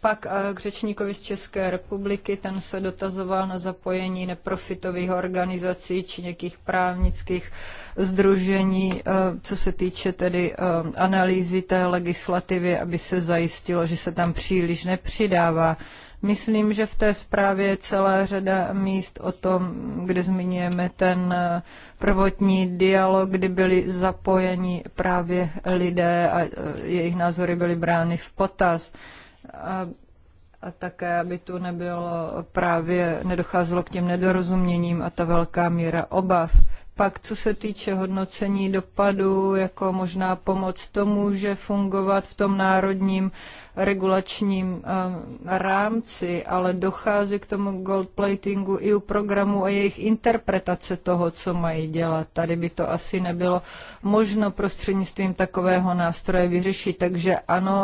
Pak eh, k řečníkovi z České republiky, ten se dotazoval na zapojení neprofitových organizací či nějakých právnických združení, eh, co se týče tedy eh, analýzy té legislativy, aby se zajistilo, že se tam příliš nepřidává. Myslím, že v té zprávě je celá řada míst o tom, kde zmiňujeme ten prvotní dialog, kdy byli zapojeni právě lidé a jejich názory byly brány v potaz a, a také, aby tu nebylo právě, nedocházelo k těm nedorozuměním a ta velká míra obav. Pak, co se týče hodnocení dopadu, jako možná pomoc to může fungovat v tom národním regulačním eh, rámci, ale dochází k tomu goldplatingu i u programu a jejich interpretace toho, co mají dělat. Tady by to asi nebylo možno prostřednictvím takového nástroje vyřešit, takže ano,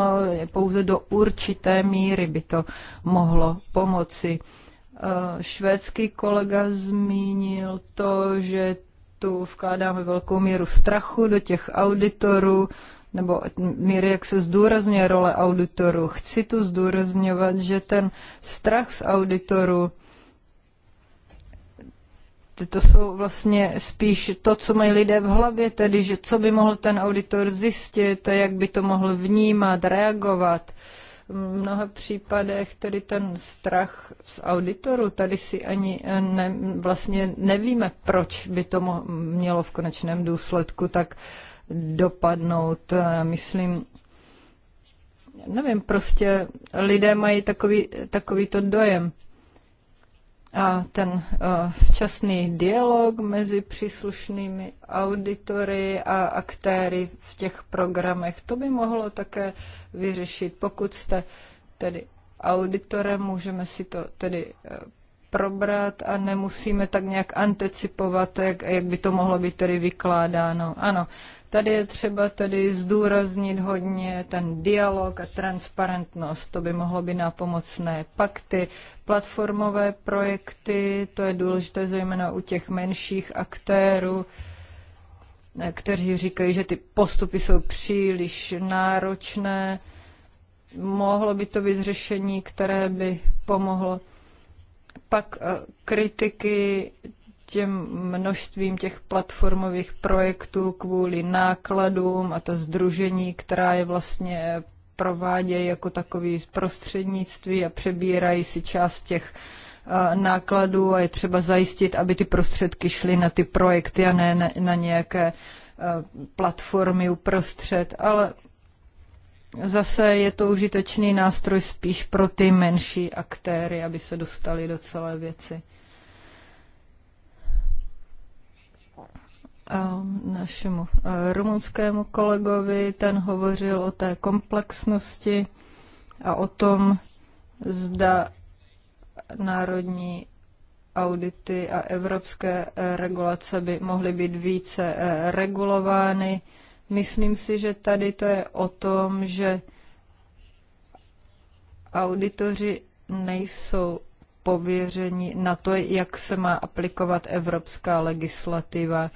pouze do určité míry by to mohlo pomoci. Eh, švédský kolega zmínil to, že tu vkládáme velkou míru strachu do těch auditorů, nebo míry, jak se zdůrazňuje role auditorů. Chci tu zdůrazňovat, že ten strach z auditorů, to jsou vlastně spíš to, co mají lidé v hlavě, tedy, že co by mohl ten auditor zjistit, jak by to mohl vnímat, reagovat. Uh, v mnoha případech tedy ten strach z auditoru, tady si ani eh, ne, vlastně nevíme, proč by to mělo v konečném důsledku tak dopadnout. Eh, myslím, nevím, prostě lidé mají takový, takový to dojem a ten eh, včasný dialog mezi příslušnými auditory a aktéry v těch programech, to by mohlo také vyřešit. Pokud jste tedy auditorem, můžeme si to tedy eh, probrat a nemusíme tak nějak anticipovat, jak, jak by to mohlo být tedy vykládáno. Ano, tady je třeba tedy zdůraznit hodně ten dialog a transparentnost, to by mohlo být nápomocné. Pak ty platformové projekty, to je důležité zejména u těch menších aktérů, kteří říkají, že ty postupy jsou příliš náročné. Mohlo by to být řešení, které by pomohlo pak eh, kritiky těm množstvím těch platformových projektů kvůli nákladům a ta združení, která je vlastně provádějí jako takový prostřednictví a přebírají si část těch eh, nákladů a je třeba zajistit, aby ty prostředky šly na ty projekty a ne na, na nějaké eh, platformy uprostřed, ale Zase je to užitečný nástroj spíš pro ty menší aktéry, aby se dostali do celé věci. A našemu eh, rumunskému kolegovi, ten hovořil o té komplexnosti a o tom, zda národní audity a evropské regulace by mohly být více eh, regulovány. Myslím si, že tady to je o tom, že auditoři nejsou pověřeni na to, jak se má aplikovat evropská legislativa.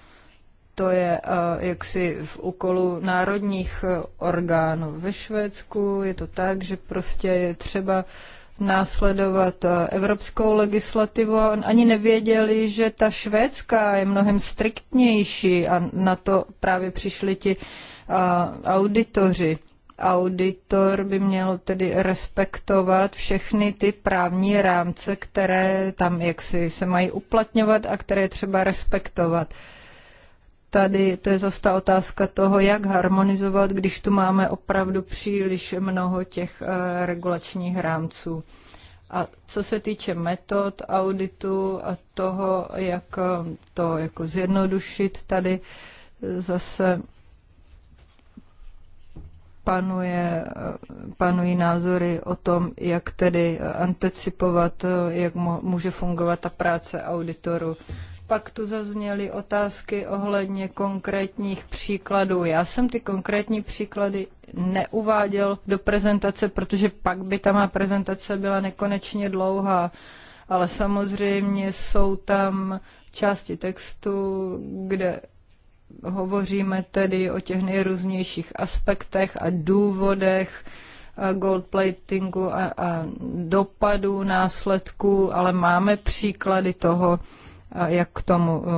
To je eh, jaksi v úkolu národních eh, orgánů. Ve Švédsku je to tak, že prostě je třeba následovat eh, evropskou legislativu a ani nevěděli, že ta švédská je mnohem striktnější a na to právě přišli ti eh, auditoři. Auditor by měl tedy respektovat všechny ty právní rámce, které tam jaksi se mají uplatňovat a které třeba respektovat. Uh, tady to je zase ta otázka toho, jak harmonizovat, když tu máme opravdu příliš mnoho těch eh, regulačních rámců. A co se týče metod auditu a toho, jak eh, to jako zjednodušit, tady eh, zase panuje, panují názory o tom, jak tedy anticipovat, jak může fungovat ta práce auditoru. Pak tu zazněly otázky ohledně konkrétních příkladů. Já jsem ty konkrétní příklady neuváděl do prezentace, protože pak by ta má prezentace byla nekonečně dlouhá. Ale samozřejmě jsou tam části textu, kde hovoříme tedy o těch nejrůznějších aspektech a důvodech goldplatingu a, a dopadů, následků, ale máme příklady toho, jak k tomu eh,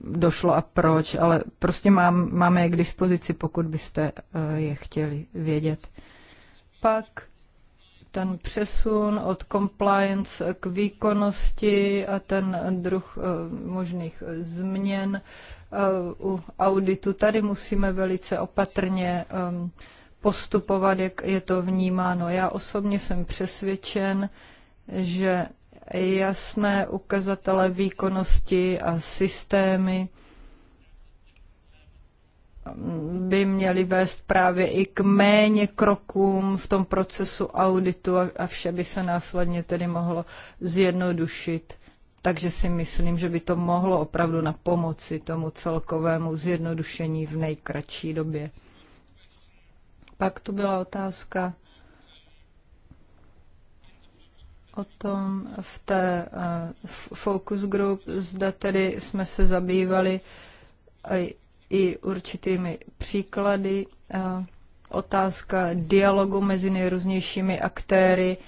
došlo a proč, ale prostě mám, máme je k dispozici, pokud byste eh, je chtěli vědět. Pak ten přesun od compliance k výkonnosti a ten druh eh, možných změn u auditu. Tady musíme velice opatrně ehm, postupovat, jak je to vnímáno. Já osobně jsem přesvědčen, že jasné ukazatele výkonnosti a systémy by měly vést právě i k méně krokům v tom procesu auditu a vše by se následně tedy mohlo zjednodušit. Takže si myslím, že by to mohlo opravdu na pomoci tomu celkovému zjednodušení v nejkratší době. Pak tu byla otázka o tom v té eh, focus group, zda tedy jsme se zabývali eh, i určitými příklady. Eh, otázka dialogu mezi nejrůznějšími aktéry,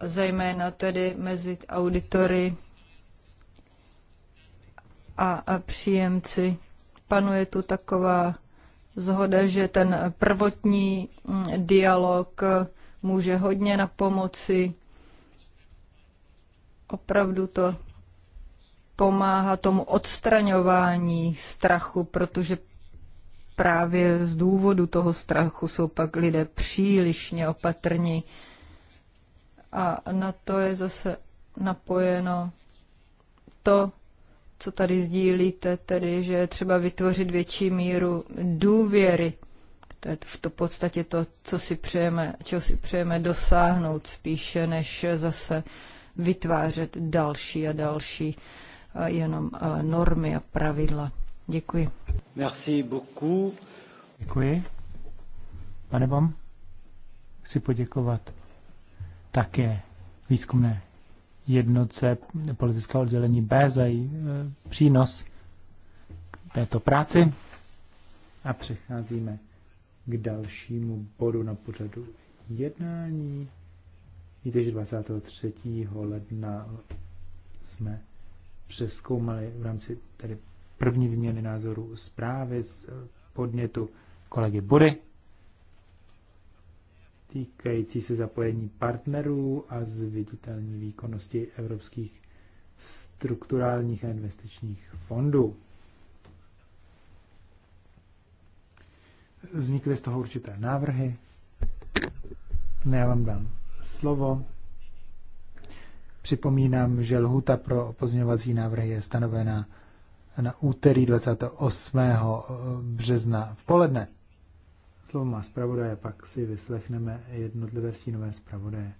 zejména tedy mezi auditory a příjemci. Panuje tu taková zhoda, že ten prvotní mm, dialog může hodně na pomoci. Opravdu to pomáhá tomu odstraňování strachu, protože právě z důvodu toho strachu jsou pak lidé přílišně opatrní. A na to je zase napojeno to, co tady sdílíte, tedy, že je třeba vytvořit větší míru důvěry to je v to podstatě to, co si přejeme, čeho si přejeme dosáhnout spíše, než zase vytvářet další a další jenom normy a pravidla. Děkuji. Merci beaucoup. Děkuji. Pane Bom, chci poděkovat také výzkumné jednoce politického oddělení B za její e, přínos této práci. A přicházíme k dalšímu bodu na pořadu jednání. Víte, že 23. ledna jsme přeskoumali v rámci tady první výměny názoru zprávy z podnětu kolegy Bury týkající se zapojení partnerů a zviditelní výkonnosti evropských strukturálních a investičních fondů. vznikly z toho určité návrhy. No, já vám dám slovo. Připomínám, že lhuta pro pozměňovací návrhy je stanovena na úterý 28. Eh, března v poledne. Slovo má zpravodaje, pak si vyslechneme jednotlivé stínové zpravodaje.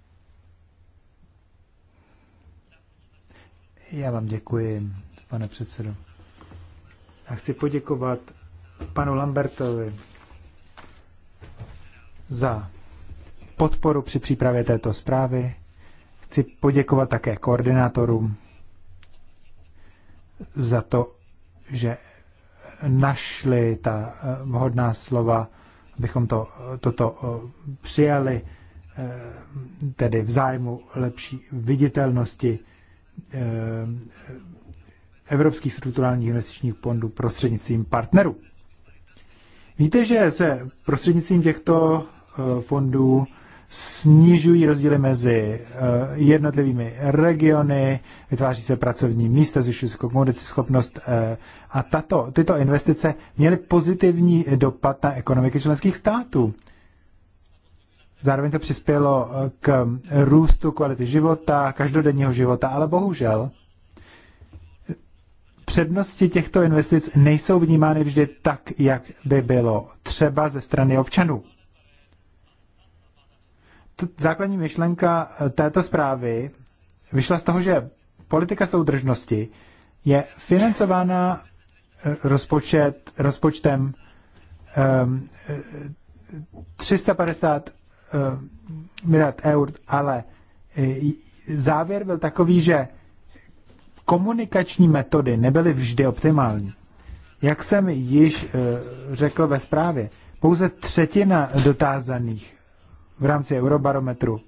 Já vám děkuji, pane předsedo. A chci poděkovat panu Lambertovi za podporu při přípravě této zprávy. Chci poděkovat také koordinátorům za to, že našli ta eh, vhodná slova, abychom to, toto eh, přijali, eh, tedy v zájmu lepší viditelnosti evropských strukturálních investičních fondů prostřednictvím partnerů. Víte, že se prostřednictvím těchto Eh, fondů snižují rozdíly mezi eh, jednotlivými regiony, vytváří se pracovní místa, zvyšuje se schopnost eh, a tato, tyto investice měly pozitivní dopad na ekonomiky členských států. Zároveň to přispělo k růstu kvality života, každodenního života, ale bohužel přednosti těchto investic nejsou vnímány vždy tak, jak by bylo třeba ze strany občanů základní myšlenka eh, této zprávy vyšla z toho, že politika soudržnosti je financována eh, rozpočet, rozpočtem um, 350 um, miliard eur, ale eh, závěr byl takový, že komunikační metody nebyly vždy optimální. Jak jsem již uh, řekl ve zprávě, pouze třetina dotázaných v rámci Eurobarometru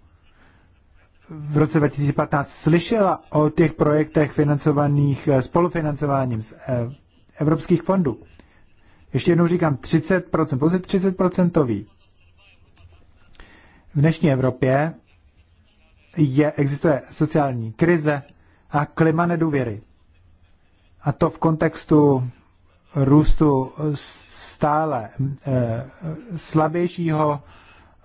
v roce 2015 slyšela o těch projektech financovaných eh, spolufinancováním z eh, evropských fondů. Ještě jednou říkám 30%, pouze 30%. V dnešní Evropě je, existuje sociální krize a klima nedůvěry. A to v kontextu růstu stále e, slabějšího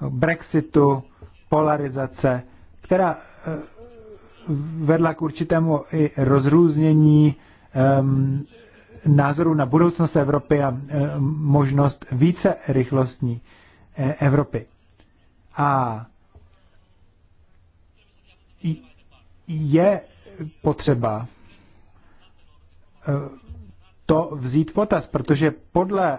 Brexitu, polarizace, která eh, vedla k určitému i rozrůznění um, ehm, názoru na budoucnost Evropy a um, možnost více rychlostní e, Evropy. A je potřeba eh, to vzít potaz, protože podle eh,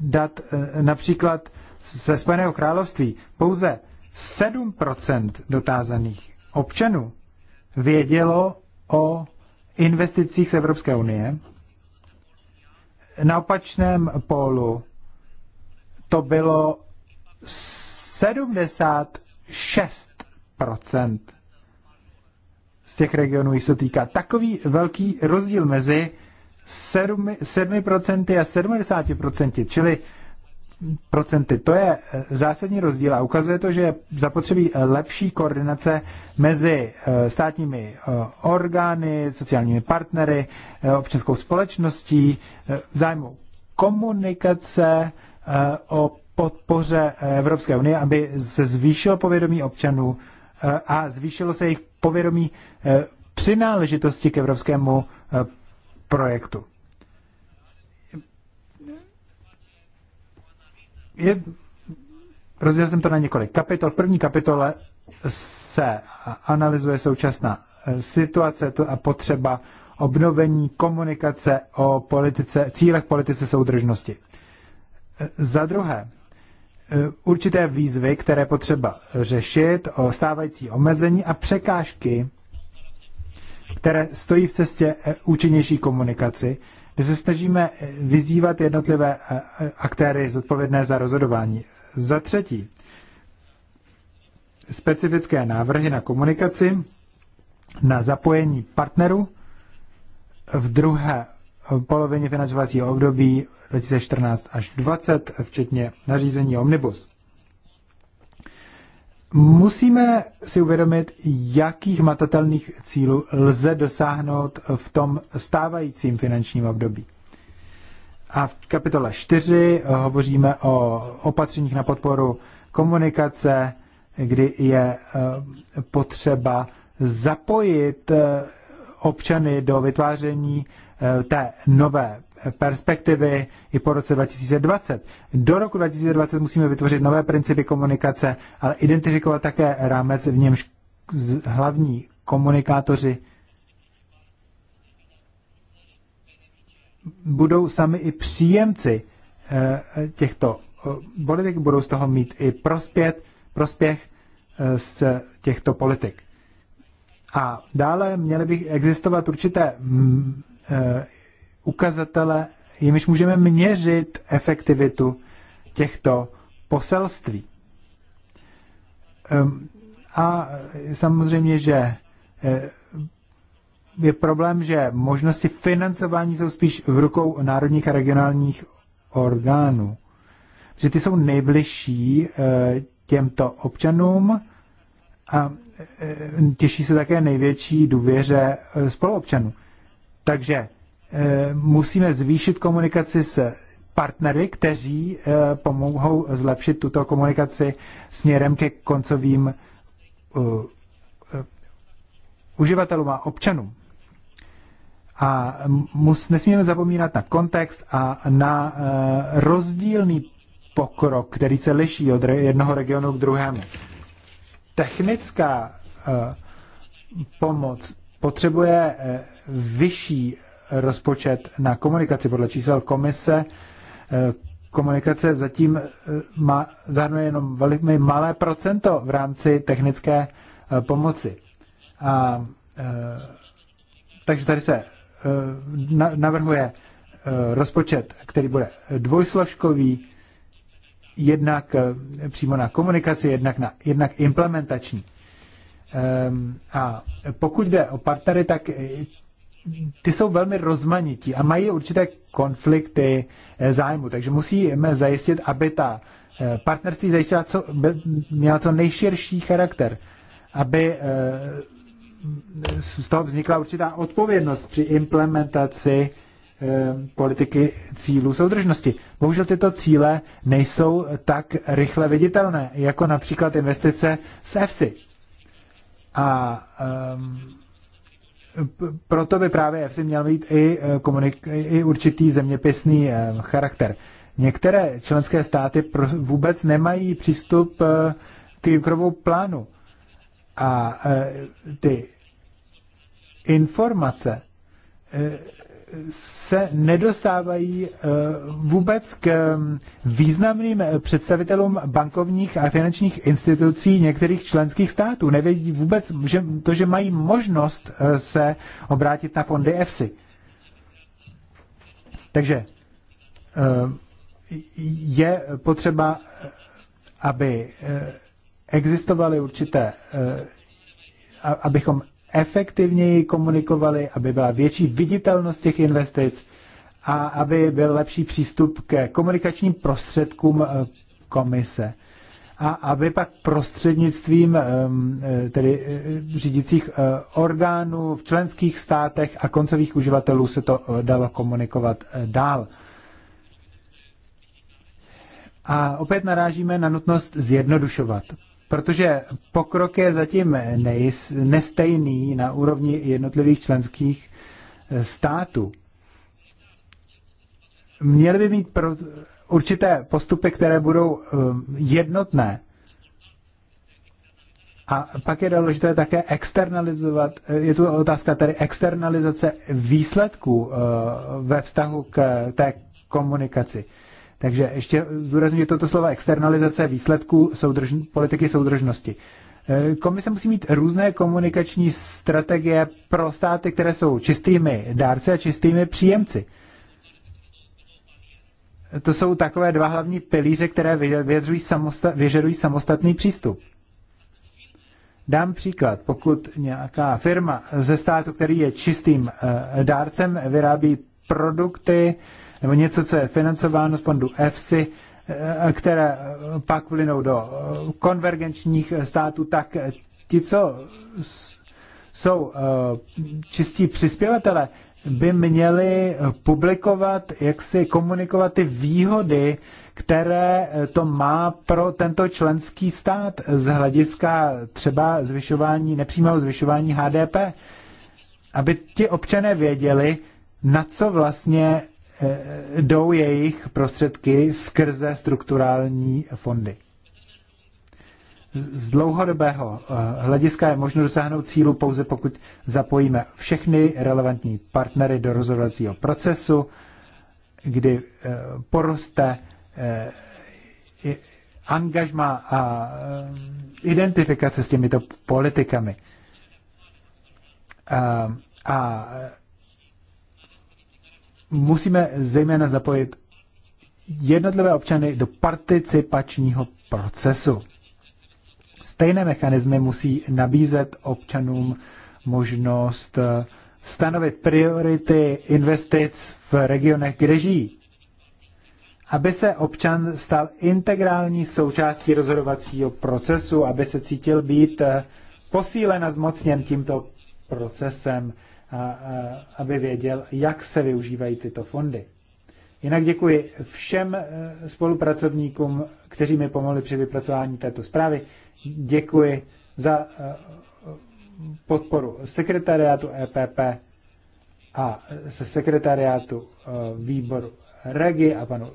dat například ze Spojeného království pouze 7% dotázaných občanů vědělo o investicích z Evropské unie. Na opačném polu to bylo 76% z těch regionů, jich se týká. Takový velký rozdíl mezi 7, 7% a 70%, čili procenty. To je eh, zásadní rozdíl a ukazuje to, že zapotřebí eh, lepší koordinace mezi eh, státními orgány, sociálními partnery, občanskou společností, zájmu komunikace o podpoře Evropské unie, aby se zvýšilo povědomí občanů a zvýšilo se jejich povědomí přináležitosti k evropskému projektu. je, rozdělil jsem to na několik kapitol. V první kapitole se analyzuje současná eh, situace a potřeba obnovení komunikace o politice, cílech politice soudržnosti. Eh, za druhé, eh, určité výzvy, které potřeba řešit, o stávající omezení a překážky, které stojí v cestě účinnější komunikaci my se snažíme vyzývat jednotlivé eh, eh, aktéry zodpovědné za rozhodování. Za třetí, specifické návrhy na komunikaci, na zapojení partnerů v druhé polovině finančovacího období 2014 až 2020, včetně nařízení Omnibus. Musíme si uvědomit, jakých matatelných cílů lze dosáhnout v tom stávajícím finančním období. A v kapitole 4 eh, hovoříme o opatřeních na podporu komunikace, kdy je eh, potřeba zapojit eh, občany do vytváření té nové perspektivy i po roce 2020. Do roku 2020 musíme vytvořit nové principy komunikace, ale identifikovat také rámec, v němž hlavní komunikátoři budou sami i příjemci eh, těchto eh, politik, budou z toho mít i prospět, prospěch eh, z těchto politik. A dále měly by existovat určité mm, ukazatele, jimiž můžeme měřit efektivitu těchto poselství. Ehm, a samozřejmě, že eh, je problém, že možnosti financování jsou spíš v rukou národních a regionálních orgánů. Že ty jsou nejbližší eh, těmto občanům a eh, těší se také největší důvěře spoluobčanů. Takže Eh, musíme zvýšit komunikaci s partnery, kteří eh, pomohou zlepšit tuto komunikaci směrem ke koncovým eh, uživatelům a občanům. A mus, nesmíme zapomínat na kontext a na uh, rozdílný pokrok, který se liší od re, jednoho regionu k druhému. Technická uh, pomoc potřebuje uh, vyšší rozpočet na komunikaci. Podle čísel komise eh, komunikace zatím eh, má, zahrnuje jenom velmi malé procento v rámci technické eh, pomoci. A, takže tady se navrhuje rozpočet, který bude dvojsložkový, jednak přímo na komunikaci, jednak, na, jednak implementační. Ehm, a pokud jde o partnery, tak ty jsou velmi rozmanití a mají určité konflikty eh, zájmu, takže musíme zajistit, aby ta eh, partnerství zajistila co, měla co nejširší charakter, aby eh, z toho vznikla určitá odpovědnost při implementaci politiky cílů soudržnosti. Bohužel tyto cíle nejsou tak rychle viditelné, jako například investice z EFSI. A um, proto by právě EFSI měl mít i, eh, komunik- i určitý zeměpisný eh, charakter. Některé členské státy vůbec nemají přístup eh, k Junckerovou plánu. A ty informace se nedostávají eh, vůbec k mm, významným eh, představitelům bankovních a finančních institucí některých členských států. Nevědí vůbec že to, že mají možnost eh, se obrátit na fondy EFSI. Takže je potřeba, aby existovaly určité, abychom efektivněji komunikovali, aby byla větší viditelnost těch investic a aby byl lepší přístup ke komunikačním prostředkům eh, komise. A aby pak prostřednictvím ehm, eh, tedy eh, řídicích orgánů v členských státech a koncových uživatelů se to dalo komunikovat dál. A opět narážíme na nutnost zjednodušovat protože pokrok je zatím nejs, nestejný na úrovni jednotlivých členských eh, států. Měly by mít pro, určité postupy, které budou eh, jednotné. A pak je důležité také externalizovat, eh, je tu otázka tady externalizace výsledků ve vztahu k té komunikaci. Takže ještě zdůraznuju toto slovo externalizace výsledků soudrž, politiky soudržnosti. E, komise musí mít různé komunikační strategie pro státy, které jsou čistými dárci a čistými příjemci. To jsou takové dva hlavní pilíře, které vyžadují, samosta- vyžadují samostatný přístup. Dám příklad. Pokud nějaká firma ze státu, který je čistým e, dárcem, vyrábí produkty, nebo něco, co je financováno z fondu EFSI, eh, které eh, pak vlynou do eh, konvergenčních států, tak ti, co jsou čistí přispěvatele, by měli publikovat, jak si komunikovat ty výhody, které to má pro tento členský stát z hlediska třeba zvyšování, nepřímého zvyšování HDP, aby ti občané věděli, na co vlastně Eh, jdou jejich prostředky skrze strukturální fondy. Z dlouhodobého eh, hlediska je možno dosáhnout cílu pouze pokud zapojíme všechny relevantní partnery do rozhodovacího procesu, kdy eh, poroste angažma a identifikace s těmito politikami. A musíme zejména zapojit jednotlivé občany do participačního procesu. Stejné mechanismy musí nabízet občanům možnost eh, stanovit priority investic v regionech, kde žijí, aby se občan stal integrální součástí rozhodovacího procesu, aby se cítil být eh, posílen a zmocněn tímto procesem a, aby věděl, jak se využívají tyto fondy. Jinak děkuji všem e, spolupracovníkům, kteří mi pomohli při vypracování této zprávy. Děkuji za e, podporu sekretariátu EPP a se sekretariátu e, výboru Regi a panu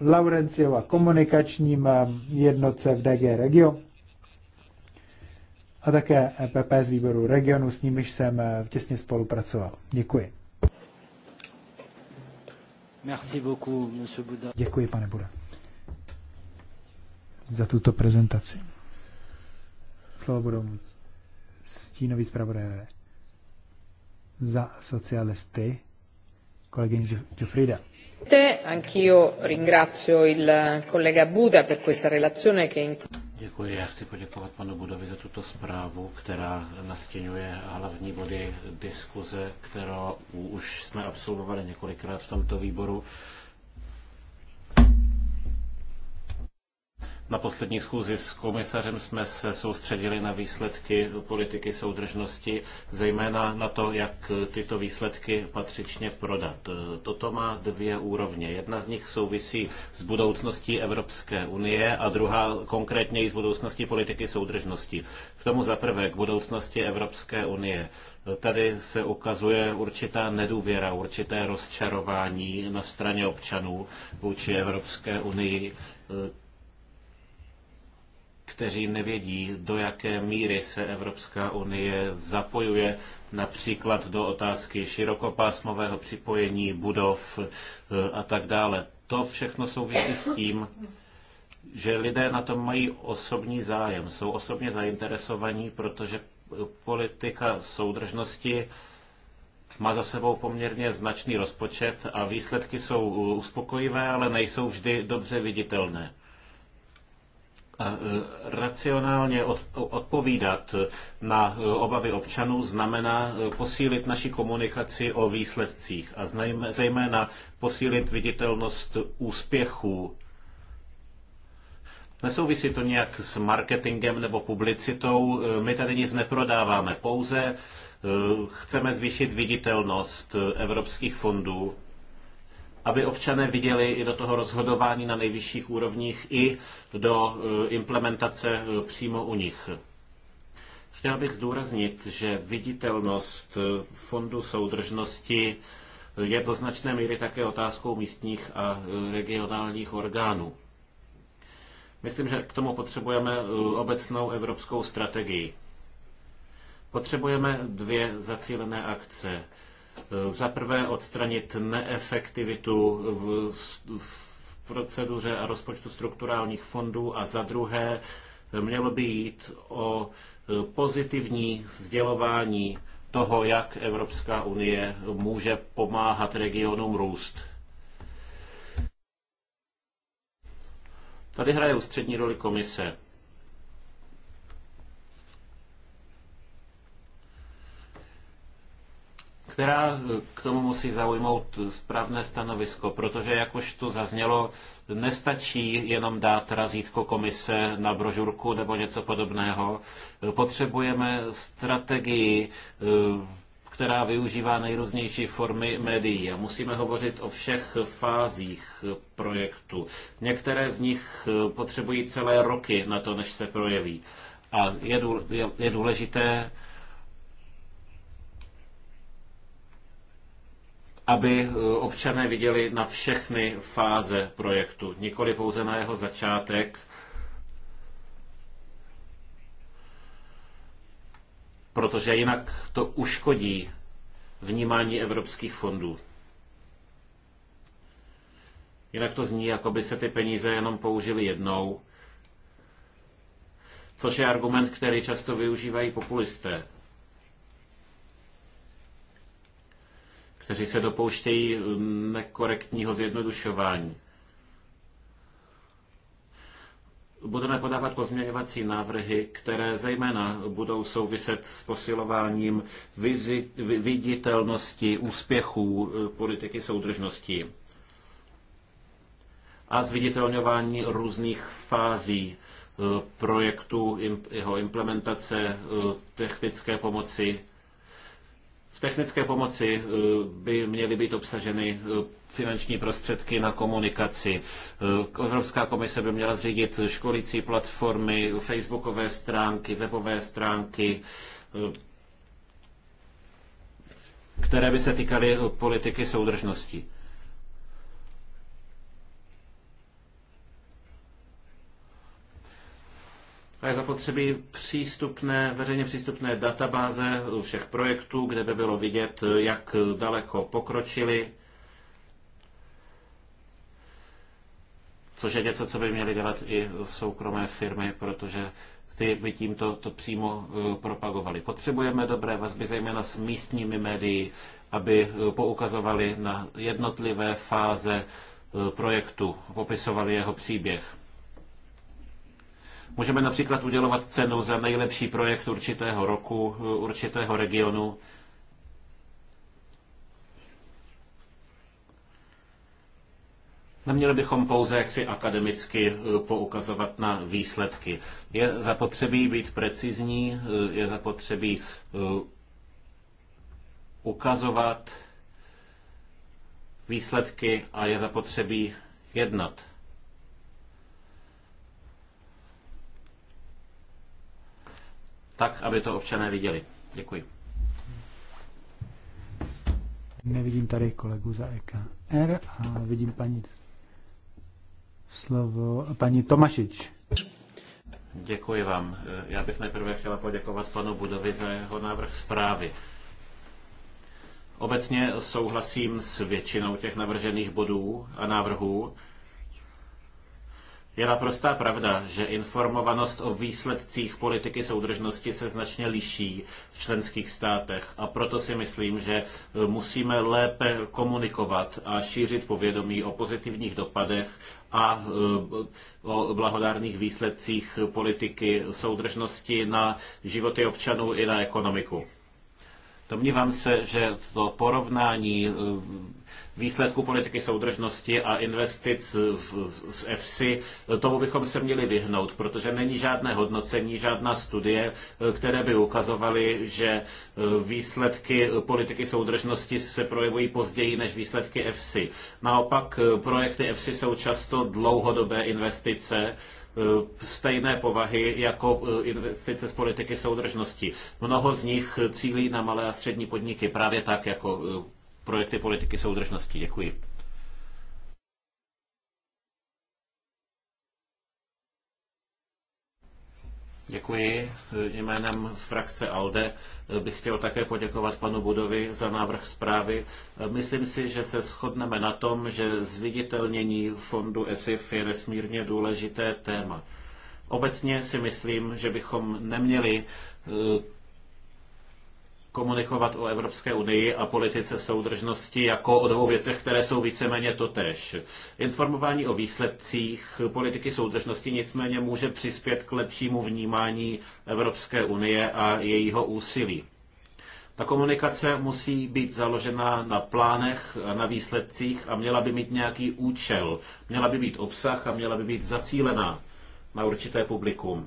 Laurenciu a komunikačním jednotce v DG Regio a také EPP z výboru regionu, s nimiž jsem eh, těsně spolupracoval. Děkuji. Merci beaucoup, monsieur Buda. Děkuji, pane Buda, za tuto prezentaci. Slovo budou mít stínový zpravodajové za socialisty, kolegyně Jofrida. Anch'io ringrazio il collega Buda per questa relazione che... Děkuji. Já chci poděkovat panu Budovi za tuto zprávu, která nastěňuje hlavní body diskuze, kterou už jsme absolvovali několikrát v tomto výboru Na poslední schůzi s komisařem jsme se soustředili na výsledky politiky soudržnosti, zejména na to, jak tyto výsledky patřičně prodat. Toto má dvě úrovně. Jedna z nich souvisí s budoucností Evropské unie a druhá konkrétně i s budoucností politiky soudržnosti. K tomu zaprvé k budoucnosti Evropské unie. Tady se ukazuje určitá nedůvěra, určité rozčarování na straně občanů vůči Evropské unii kteří nevědí, do jaké míry se Evropská unie zapojuje například do otázky širokopásmového připojení budov eh, a tak dále. To všechno souvisí s tím, že lidé na tom mají osobní zájem, jsou osobně zainteresovaní, protože eh, politika soudržnosti má za sebou poměrně značný rozpočet a výsledky jsou eh, uspokojivé, ale nejsou vždy dobře viditelné. E, racionálně odpovídat na e, obavy občanů znamená e, posílit naši komunikaci o výsledcích a zejména posílit viditelnost úspěchů. Nesouvisí to nějak s marketingem nebo publicitou. My tady nic neprodáváme, pouze chceme zvýšit viditelnost evropských fondů aby občané viděli i do toho rozhodování na nejvyšších úrovních, i do eh, implementace eh, přímo u nich. Chtěl bych zdůraznit, že viditelnost eh, fondu soudržnosti je do značné míry také otázkou místních a regionálních orgánů. Myslím, že k tomu potřebujeme obecnou evropskou strategii. Potřebujeme dvě zacílené akce. Za prvé odstranit neefektivitu v, v proceduře a rozpočtu strukturálních fondů a za druhé mělo by jít o pozitivní sdělování toho, jak Evropská unie může pomáhat regionům růst. Tady hraje ústřední roli komise. která eh, k tomu musí zaujmout správné stanovisko, protože, jak už tu zaznělo, nestačí jenom dát razítko komise na brožurku nebo něco podobného. Eh, potřebujeme strategii, eh, která využívá nejrůznější formy médií. A musíme hovořit o všech fázích projektu. Některé z nich potřebují celé roky na to, než se projeví. A je důležité aby eh, občané viděli na všechny fáze projektu, nikoli pouze na jeho začátek, protože jinak to uškodí vnímání evropských fondů. Jinak to zní, jako by se ty peníze jenom použili jednou, což je argument, který často využívají populisté. kteří se dopouštějí um, nekorektního zjednodušování. budeme podávat pozměňovací návrhy, které zejména budou souviset s posilováním vizi, viditelnosti úspěchů eh, politiky soudržnosti a zviditelňování různých fází eh, projektu, jeho implementace, eh, technické pomoci technické pomoci eh, by měly být obsaženy eh, finanční prostředky na komunikaci. Eh, Evropská komise by měla zřídit školící platformy, facebookové stránky, webové stránky, které by se týkaly politiky soudržnosti. a je zapotřebí přístupné, veřejně přístupné databáze všech projektů, kde by bylo vidět, jak daleko pokročili, což je něco, co by měly dělat i soukromé firmy, protože ty by tímto to přímo eh, propagovali. Potřebujeme dobré vazby, zejména s místními médií, aby eh, poukazovali na jednotlivé fáze eh, projektu, popisovali jeho příběh. Můžeme například udělovat cenu za nejlepší projekt určitého roku, určitého regionu. Neměli bychom pouze jaksi akademicky eh, poukazovat na výsledky. Je zapotřebí být precizní, eh, je zapotřebí eh, ukazovat výsledky a je zapotřebí jednat. tak, aby to občané viděli. Děkuji. Nevidím tady kolegu za EKR a vidím paní slovo paní Tomašič. Děkuji vám. Já bych nejprve chtěla poděkovat panu Budovi za jeho návrh zprávy. Obecně souhlasím s většinou těch navržených bodů a návrhů. Je naprostá pravda, že informovanost o výsledcích politiky soudržnosti se značně liší v členských státech a proto si myslím, že eh, musíme lépe komunikovat a šířit povědomí o pozitivních dopadech a eh, o blahodárných výsledcích politiky soudržnosti na životy občanů i na ekonomiku. Domnívám se, že to porovnání eh, výsledku politiky soudržnosti a investic z EFSI, eh, tomu bychom se měli vyhnout, protože není žádné hodnocení, žádná studie, eh, které by ukazovaly, že výsledky politiky soudržnosti se projevují později než výsledky EFSI. Naopak projekty EFSI jsou často dlouhodobé investice, Eh, stejné povahy jako eh, investice z politiky soudržnosti. Mnoho z nich cílí na malé a střední podniky právě tak jako eh, projekty politiky soudržnosti. Děkuji. Děkuji. Jménem frakce ALDE bych chtěl také poděkovat panu Budovi za návrh zprávy. Myslím si, že se shodneme na tom, že zviditelnění fondu ESIF je nesmírně důležité téma. Obecně si myslím, že bychom neměli eh, komunikovat o Evropské unii a politice soudržnosti jako o dvou věcech, které jsou víceméně totéž. Informování o výsledcích politiky soudržnosti nicméně může přispět k lepšímu vnímání Evropské unie a jejího úsilí. Ta komunikace musí být založena na plánech, na výsledcích a měla by mít nějaký účel. Měla by být obsah a měla by být zacílená na určité publikum.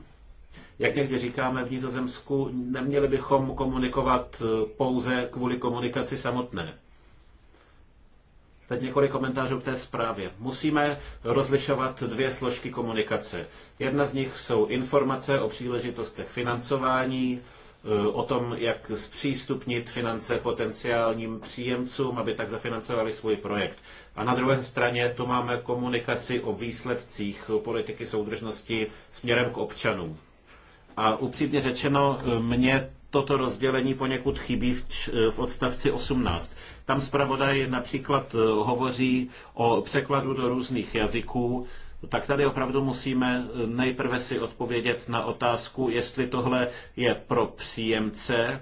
Jak někdy říkáme v Nizozemsku, neměli bychom komunikovat eh, pouze kvůli komunikaci samotné. Teď několik komentářů k té zprávě. Musíme rozlišovat dvě složky komunikace. Jedna z nich jsou informace o příležitostech financování, eh, o tom, jak zpřístupnit finance potenciálním příjemcům, aby tak zafinancovali svůj projekt. A na druhé straně tu máme komunikaci o výsledcích politiky soudržnosti směrem k občanům. A upřímně řečeno, mě toto rozdělení poněkud chybí v, v odstavci 18. Tam zpravodaj například eh, hovoří o překladu do různých jazyků, tak tady opravdu musíme eh, nejprve si odpovědět na otázku, jestli tohle je pro příjemce, eh,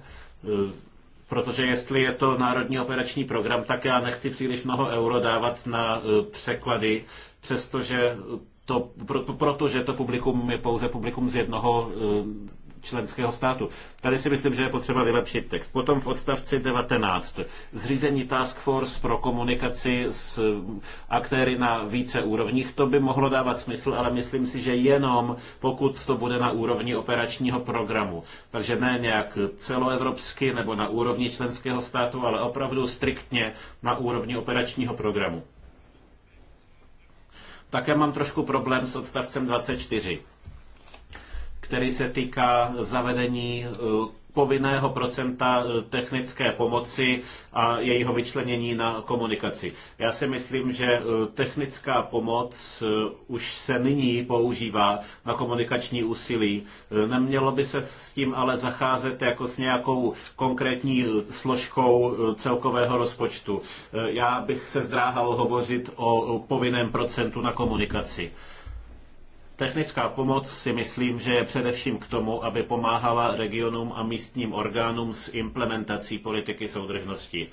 protože jestli je to národní operační program, tak já nechci příliš mnoho euro dávat na překlady, přestože to, protože to publikum je pouze publikum z jednoho eh, členského státu. Tady si myslím, že je potřeba vylepšit text. Potom v odstavci 19. Zřízení task force pro komunikaci s eh, aktéry na více úrovních, to by mohlo dávat smysl, ale myslím si, že jenom pokud to bude na úrovni operačního programu. Takže ne nějak celoevropsky nebo na úrovni členského státu, ale opravdu striktně na úrovni operačního programu. Také mám trošku problém s odstavcem 24, který se týká zavedení eh, povinného procenta eh, technické pomoci a jejího vyčlenění na komunikaci. Já si myslím, že eh, technická pomoc eh, už se nyní používá na komunikační úsilí. Nemělo by se s tím ale zacházet jako s nějakou konkrétní složkou celkového rozpočtu. Já bych se zdráhal hovořit o povinném procentu na komunikaci. Technická pomoc si myslím, že je především k tomu, aby pomáhala regionům a místním orgánům s implementací politiky soudržnosti.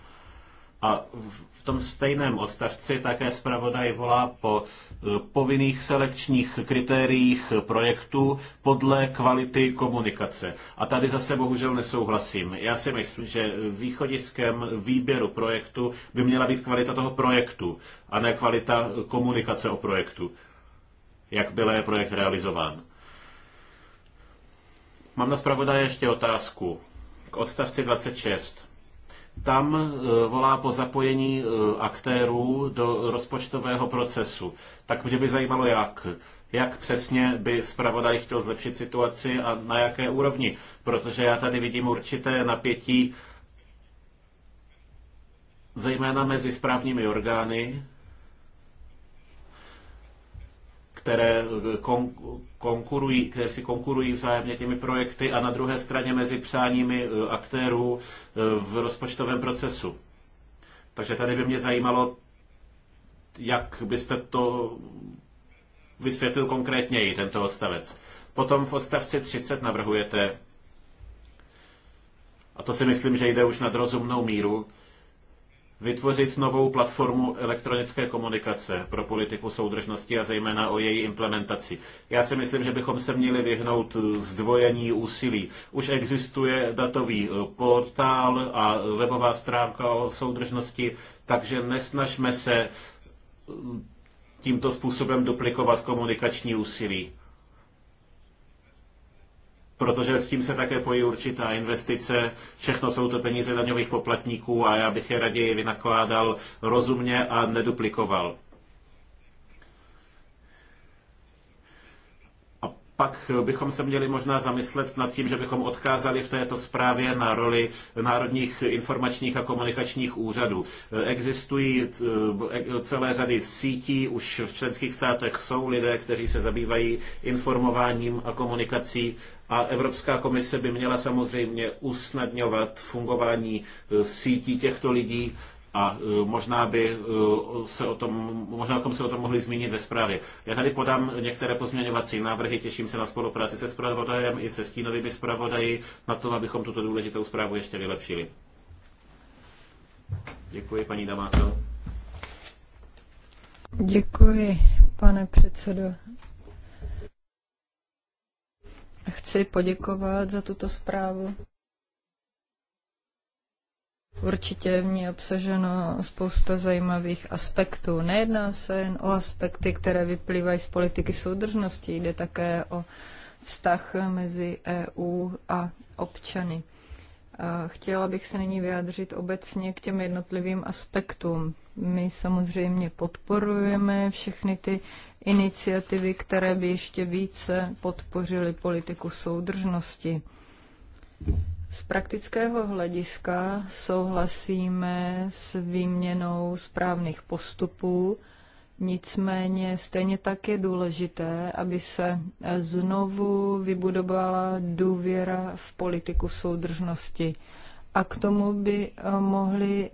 A v tom stejném odstavci také zpravodaj volá po e, povinných selekčních kritériích projektů podle kvality komunikace. A tady zase bohužel nesouhlasím. Já si myslím, že východiskem výběru projektu by měla být kvalita toho projektu a ne kvalita komunikace o projektu jak byl projekt realizován. Mám na zpravodaj ještě otázku k odstavci 26. Tam e, volá po zapojení e, aktérů do rozpočtového procesu. Tak mě by zajímalo, jak. Jak přesně by zpravodaj chtěl zlepšit situaci a na jaké úrovni? Protože já tady vidím určité napětí, zejména mezi správními orgány které, eh, konkurují, které si konkurují vzájemně těmi projekty a na druhé straně mezi přáními eh, aktérů eh, v rozpočtovém procesu. Takže tady by mě zajímalo, jak byste to vysvětlil konkrétněji, tento odstavec. Potom v odstavci 30 navrhujete, a to si myslím, že jde už nad rozumnou míru, vytvořit novou platformu elektronické komunikace pro politiku soudržnosti a zejména o její implementaci. Já si myslím, že bychom se měli vyhnout zdvojení úsilí. Už existuje datový eh, portál a webová stránka o soudržnosti, takže nesnažme se eh, tímto způsobem duplikovat komunikační úsilí protože s tím se také pojí určitá investice. Všechno jsou to peníze daňových poplatníků a já bych je raději vynakládal rozumně a neduplikoval. pak bychom se měli možná zamyslet nad tím, že bychom odkázali v této zprávě na roli národních informačních a komunikačních úřadů. Existují eh, eh, celé řady sítí, už v členských státech jsou lidé, kteří se zabývají informováním a komunikací a Evropská komise by měla samozřejmě usnadňovat fungování eh, sítí těchto lidí a e, možná by e, se o tom, možná bychom se o tom mohli zmínit ve zprávě. Já tady podám některé pozměňovací návrhy, těším se na spolupráci se zpravodajem i se stínovými zpravodaji na tom, abychom tuto důležitou zprávu ještě vylepšili. Děkuji, paní Damáto. Děkuji, pane předsedo. Chci poděkovat za tuto zprávu. Určitě v ní je obsaženo spousta zajímavých aspektů. Nejedná se jen o aspekty, které vyplývají z politiky soudržnosti, jde také o vztah mezi EU a občany. Chtěla bych se nyní vyjádřit obecně k těm jednotlivým aspektům. My samozřejmě podporujeme všechny ty iniciativy, které by ještě více podpořily politiku soudržnosti. Z praktického hlediska souhlasíme s výměnou správných postupů, nicméně stejně tak je důležité, aby se znovu vybudovala důvěra v politiku soudržnosti. A k tomu by eh, mohly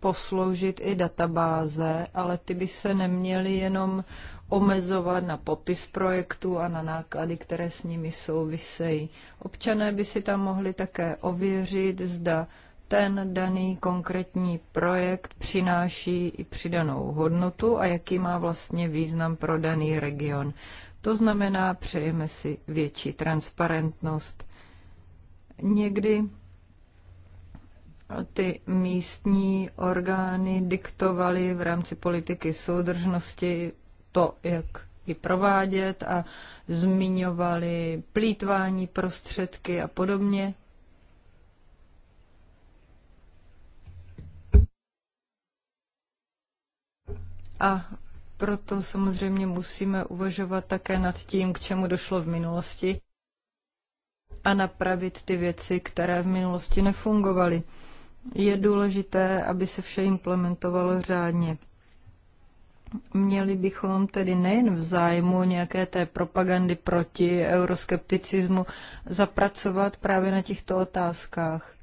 posloužit i databáze, ale ty by se neměly jenom omezovat na popis projektu a na náklady, které s nimi souvisejí. Občané by si tam mohli také ověřit, zda ten daný konkrétní projekt přináší i přidanou hodnotu a jaký má vlastně význam pro daný region. To znamená, přejeme si větší transparentnost. Někdy ty místní orgány diktovaly v rámci politiky soudržnosti to, jak ji provádět a zmiňovali plítvání prostředky a podobně. A proto samozřejmě musíme uvažovat také nad tím, k čemu došlo v minulosti a napravit ty věci, které v minulosti nefungovaly. Je důležité, aby se vše implementovalo řádně. Měli bychom tedy nejen v zájmu nějaké té propagandy proti euroskepticismu zapracovat právě na těchto otázkách.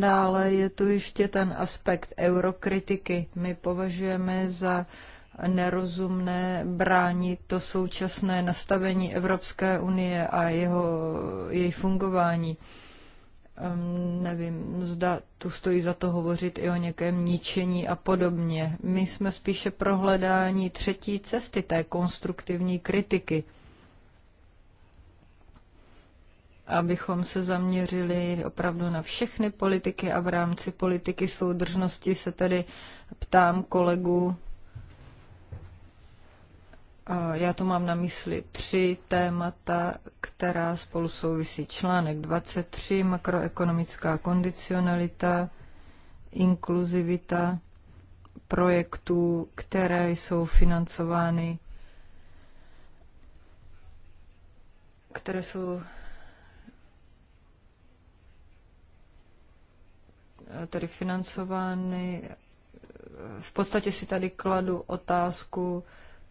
Dále je tu ještě ten aspekt eurokritiky. My považujeme za nerozumné bránit to současné nastavení Evropské unie a jeho, její fungování. Ehm, nevím, zda tu stojí za to hovořit i o nějakém ničení a podobně. My jsme spíše pro hledání třetí cesty té konstruktivní kritiky. Abychom se zaměřili opravdu na všechny politiky a v rámci politiky soudržnosti se tedy ptám kolegu já to mám na mysli tři témata, která spolu souvisí. Článek 23, makroekonomická kondicionalita, inkluzivita projektů, které jsou financovány, které jsou tedy financovány. V podstatě si tady kladu otázku,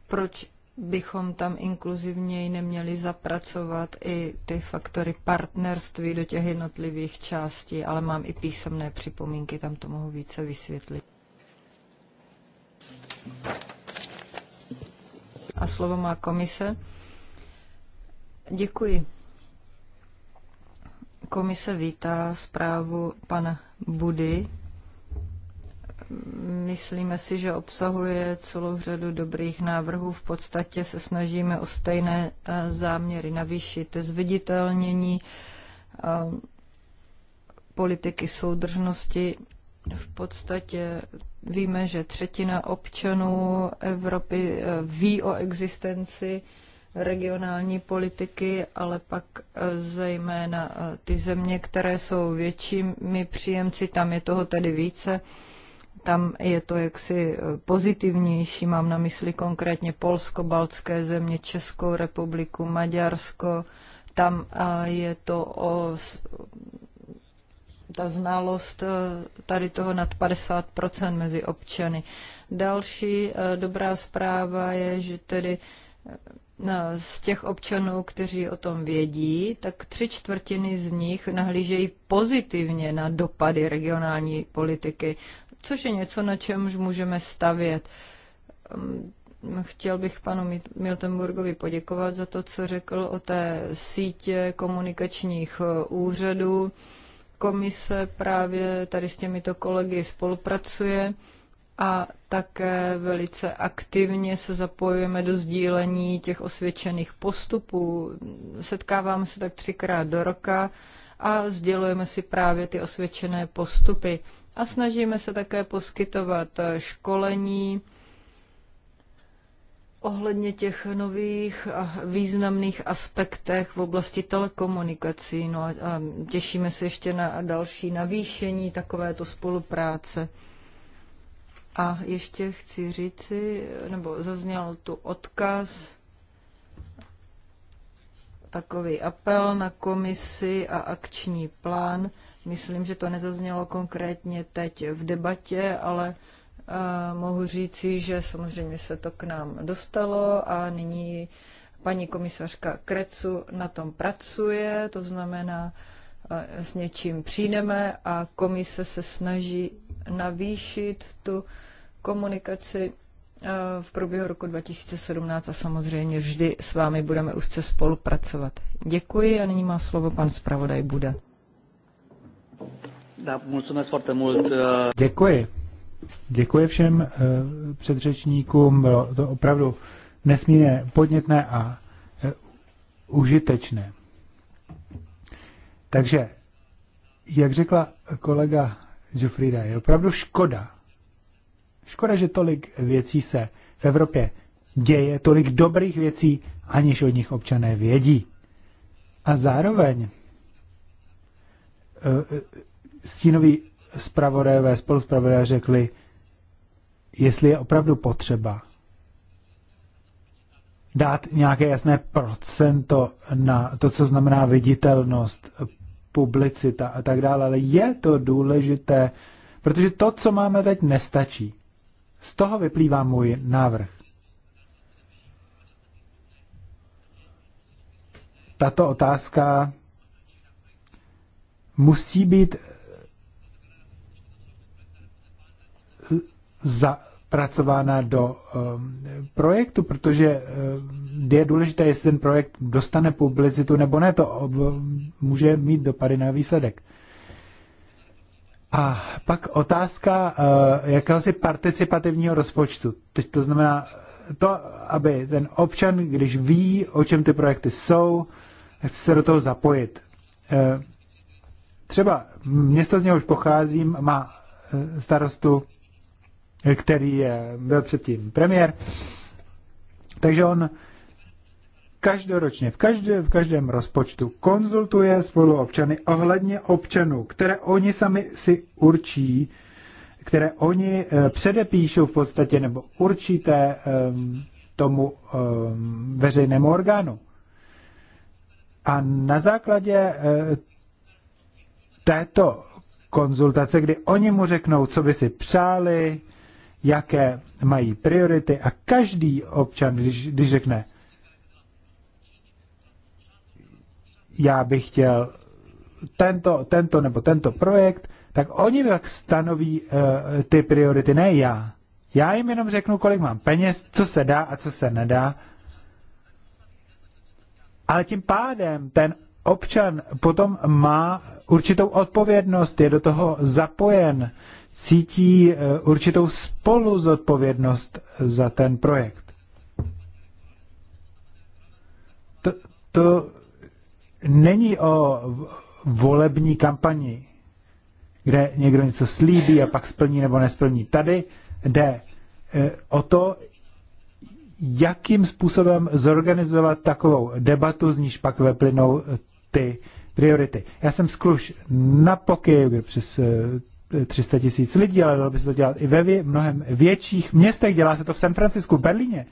proč bychom tam inkluzivněji neměli zapracovat i ty faktory partnerství do těch jednotlivých částí, ale mám i písemné připomínky, tam to mohu více vysvětlit. A slovo má komise. Děkuji. Komise vítá zprávu pana Budy Myslíme si, že obsahuje celou řadu dobrých návrhů. V podstatě se snažíme o stejné eh, záměry navýšit zviditelnění eh, politiky soudržnosti. V podstatě víme, že třetina občanů Evropy eh, ví o existenci regionální politiky, ale pak zejména ty země, které jsou většími příjemci, tam je toho tedy více. Tam je to jaksi eh, pozitivnější, mám na mysli konkrétně Polsko, Baltské země, Českou republiku, Maďarsko. Tam eh, je to o ta znalost eh, tady toho nad 50% mezi občany. Další dobrá zpráva je, že tedy z těch občanů, kteří o tom vědí, tak tři čtvrtiny z nich nahlížejí pozitivně na dopady regionální politiky což je něco, na čemž můžeme stavět. Ehm, chtěl bych panu Miltenburgovi poděkovat za to, co řekl o té sítě komunikačních eh, úřadů. Komise právě tady s těmito kolegy spolupracuje a také velice aktivně se zapojujeme do sdílení těch osvědčených postupů. Setkáváme se tak třikrát do roka a sdělujeme si právě ty osvědčené postupy a snažíme se také poskytovat eh, školení ohledně těch nových a významných aspektech v oblasti telekomunikací. No a těšíme se ještě na další navýšení takovéto spolupráce. A ještě chci říci, nebo zazněl tu odkaz, takový apel na komisi a akční plán. Myslím, že to nezaznělo konkrétně teď v debatě, ale eh, mohu říci, že samozřejmě se to k nám dostalo a nyní paní komisařka Krecu na tom pracuje, to znamená, eh, s něčím přijdeme a komise se snaží navýšit tu komunikaci eh, v průběhu roku 2017 a samozřejmě vždy s vámi budeme úzce spolupracovat. Děkuji a nyní má slovo pan zpravodaj Buda. Da, foarte mult. Uh. Děkuji. Děkuji všem uh, předřečníkům, bylo to opravdu nesmírně podnětné a uh, užitečné. Takže, jak řekla kolega Jofrida, je opravdu škoda, škoda, že tolik věcí se v Evropě děje, tolik dobrých věcí, aniž od nich občané vědí. A zároveň Eh, stínoví zpravodajové, spoluzpravodajové řekli, jestli je opravdu potřeba dát nějaké jasné procento na to, co znamená viditelnost, publicita a tak dále, ale je to důležité, protože to, co máme teď, nestačí. Z toho vyplývá můj návrh. Tato otázka musí být zapracována do um, projektu, protože um, je důležité, jestli ten projekt dostane publicitu nebo ne, to může mít dopady na výsledek. A pak otázka uh, jakéhosi participativního rozpočtu. Teď to znamená to, aby ten občan, když ví, o čem ty projekty jsou, chce se do toho zapojit. Uh, Třeba město z něhož pocházím má eh, starostu, eh, který je byl předtím premiér, takže on každoročně, v, každé, v každém rozpočtu konzultuje spoluobčany ohledně občanů, které oni sami si určí, které oni eh, předepíšou v podstatě nebo určité ehm, tomu ehm, veřejnému orgánu. A na základě této konzultace, kdy oni mu řeknou, co by si přáli, jaké mají priority a každý občan, když, když řekne, já bych chtěl tento, tento nebo tento projekt, tak oni jak stanoví uh, ty priority, ne já. Já jim jenom řeknu, kolik mám peněz, co se dá a co se nedá. Ale tím pádem ten občan potom má určitou odpovědnost, je do toho zapojen, cítí eh, určitou spolu zodpovědnost za ten projekt. To, to není o volební kampani, kde někdo něco slíbí a pak splní nebo nesplní. Tady jde eh, o to, jakým způsobem zorganizovat takovou debatu, z níž pak veplynou ty priority. Já jsem z na Pokyju, kde přes 300 eh, tisíc lidí, ale dalo by se to dělat i ve mnohem větších městech, dělá se to v San Francisku, v Berlíně.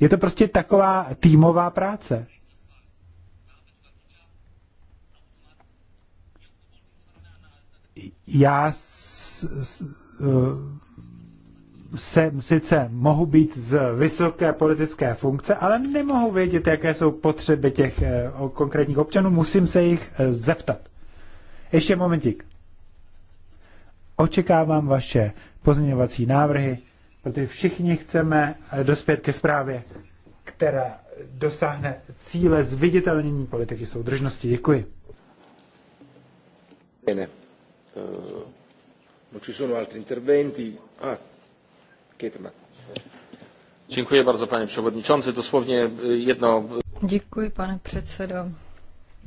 Je to prostě taková týmová práce. Já s, s, uh, se, sice mohu být z vysoké politické funkce, ale nemohu vědět, jaké jsou potřeby těch eh, konkrétních občanů, musím se jich eh, zeptat. Ještě momentík. Očekávám vaše pozměňovací návrhy, protože všichni chceme eh, dospět ke zprávě, která dosáhne cíle zviditelnění politiky soudržnosti. Děkuji. Bene. Uh, non ci sono altri interventi. Ah, Děkuji bardzo, pane předsedající. Doslovně e, jedno. Děkuji, pane předsedo.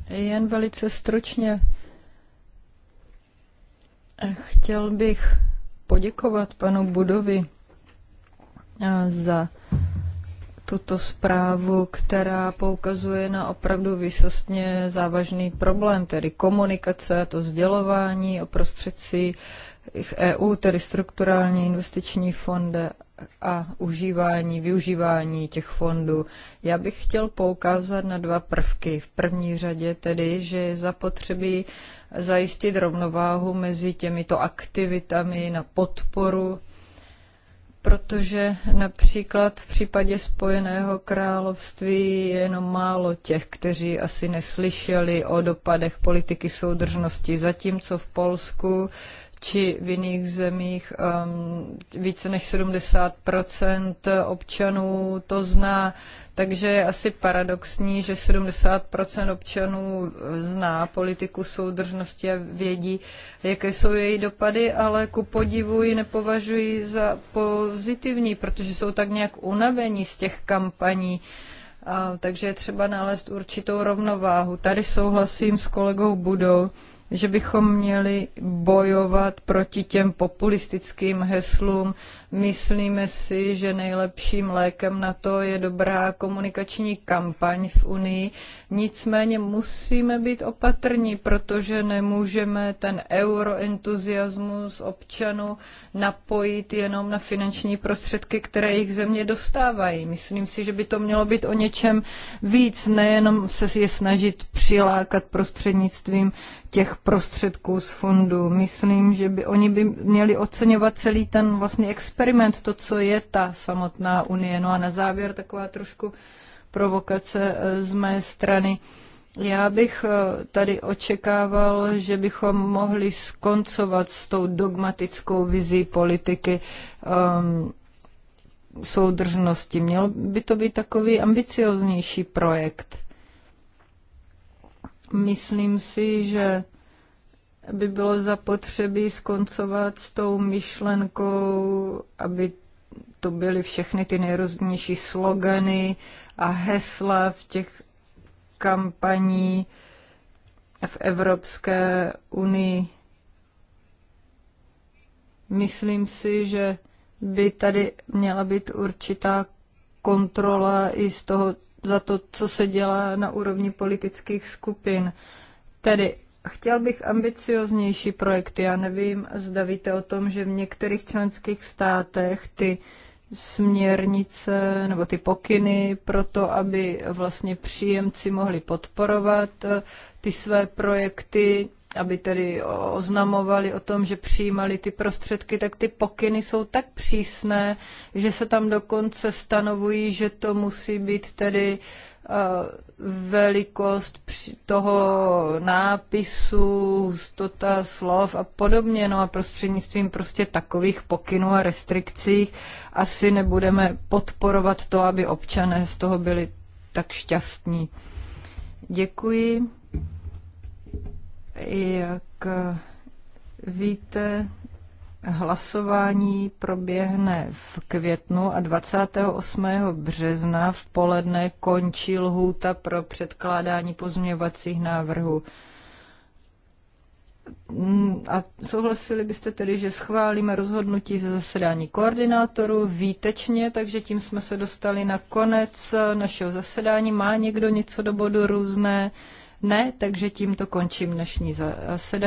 Jen velice stručně chtěl bych poděkovat panu Budovi e, za tuto zprávu, která poukazuje na opravdu vysostně závažný problém, tedy komunikace, to sdělování o prostředcích EU, tedy strukturální investiční fondy a užívání, využívání těch fondů. Já bych chtěl poukázat na dva prvky. V první řadě tedy, že je zapotřebí zajistit rovnováhu mezi těmito aktivitami na podporu protože například v případě Spojeného království je jenom málo těch, kteří asi neslyšeli o dopadech politiky soudržnosti, zatímco v Polsku či v jiných zemích um, více než 70 občanů to zná. Takže je asi paradoxní, že 70 občanů zná politiku soudržnosti a vědí, jaké jsou její dopady, ale ku podivu ji nepovažují za pozitivní, protože jsou tak nějak unavení z těch kampaní. A, takže je třeba nalézt určitou rovnováhu. Tady souhlasím s kolegou Budou že bychom měli bojovat proti těm populistickým heslům Myslíme si, že nejlepším lékem na to je dobrá komunikační kampaň v Unii. Nicméně musíme být opatrní, protože nemůžeme ten euroentuziasmus občanů napojit jenom na finanční prostředky, které jejich země dostávají. Myslím si, že by to mělo být o něčem víc, nejenom se je snažit přilákat prostřednictvím těch prostředků z fondu. Myslím, že by oni by měli oceňovat celý ten vlastně expert experiment, to, co je ta samotná unie. No a na závěr taková trošku provokace eh, z mé strany. Já bych eh, tady očekával, že bychom mohli skoncovat s tou dogmatickou vizí politiky um, soudržnosti. Měl by to být takový ambicioznější projekt. Myslím si, že by bylo zapotřebí skoncovat s tou myšlenkou, aby to byly všechny ty nejrůznější slogany a hesla v těch kampaní v Evropské unii. Myslím si, že by tady měla být určitá kontrola i z toho, za to, co se dělá na úrovni politických skupin. Tedy Chtěl bych ambicioznější projekty. Já nevím, zda víte o tom, že v některých členských státech ty směrnice nebo ty pokyny pro to, aby vlastně příjemci mohli podporovat eh, ty své projekty, aby tedy oznamovali o tom, že přijímali ty prostředky, tak ty pokyny jsou tak přísné, že se tam dokonce stanovují, že to musí být tedy uh, velikost toho nápisu, hustota slov a podobně. No a prostřednictvím prostě takových pokynů a restrikcí asi nebudeme podporovat to, aby občané z toho byli tak šťastní. Děkuji. Jak víte, Hlasování proběhne v květnu a 28. března v poledne končí lhůta pro předkládání pozměňovacích návrhů. Mm, a souhlasili byste tedy, že schválíme rozhodnutí ze zasedání koordinátorů výtečně, takže tím jsme se dostali na konec eh, našeho zasedání. Má někdo něco do bodu různé? Ne, takže tímto končím dnešní zasedání.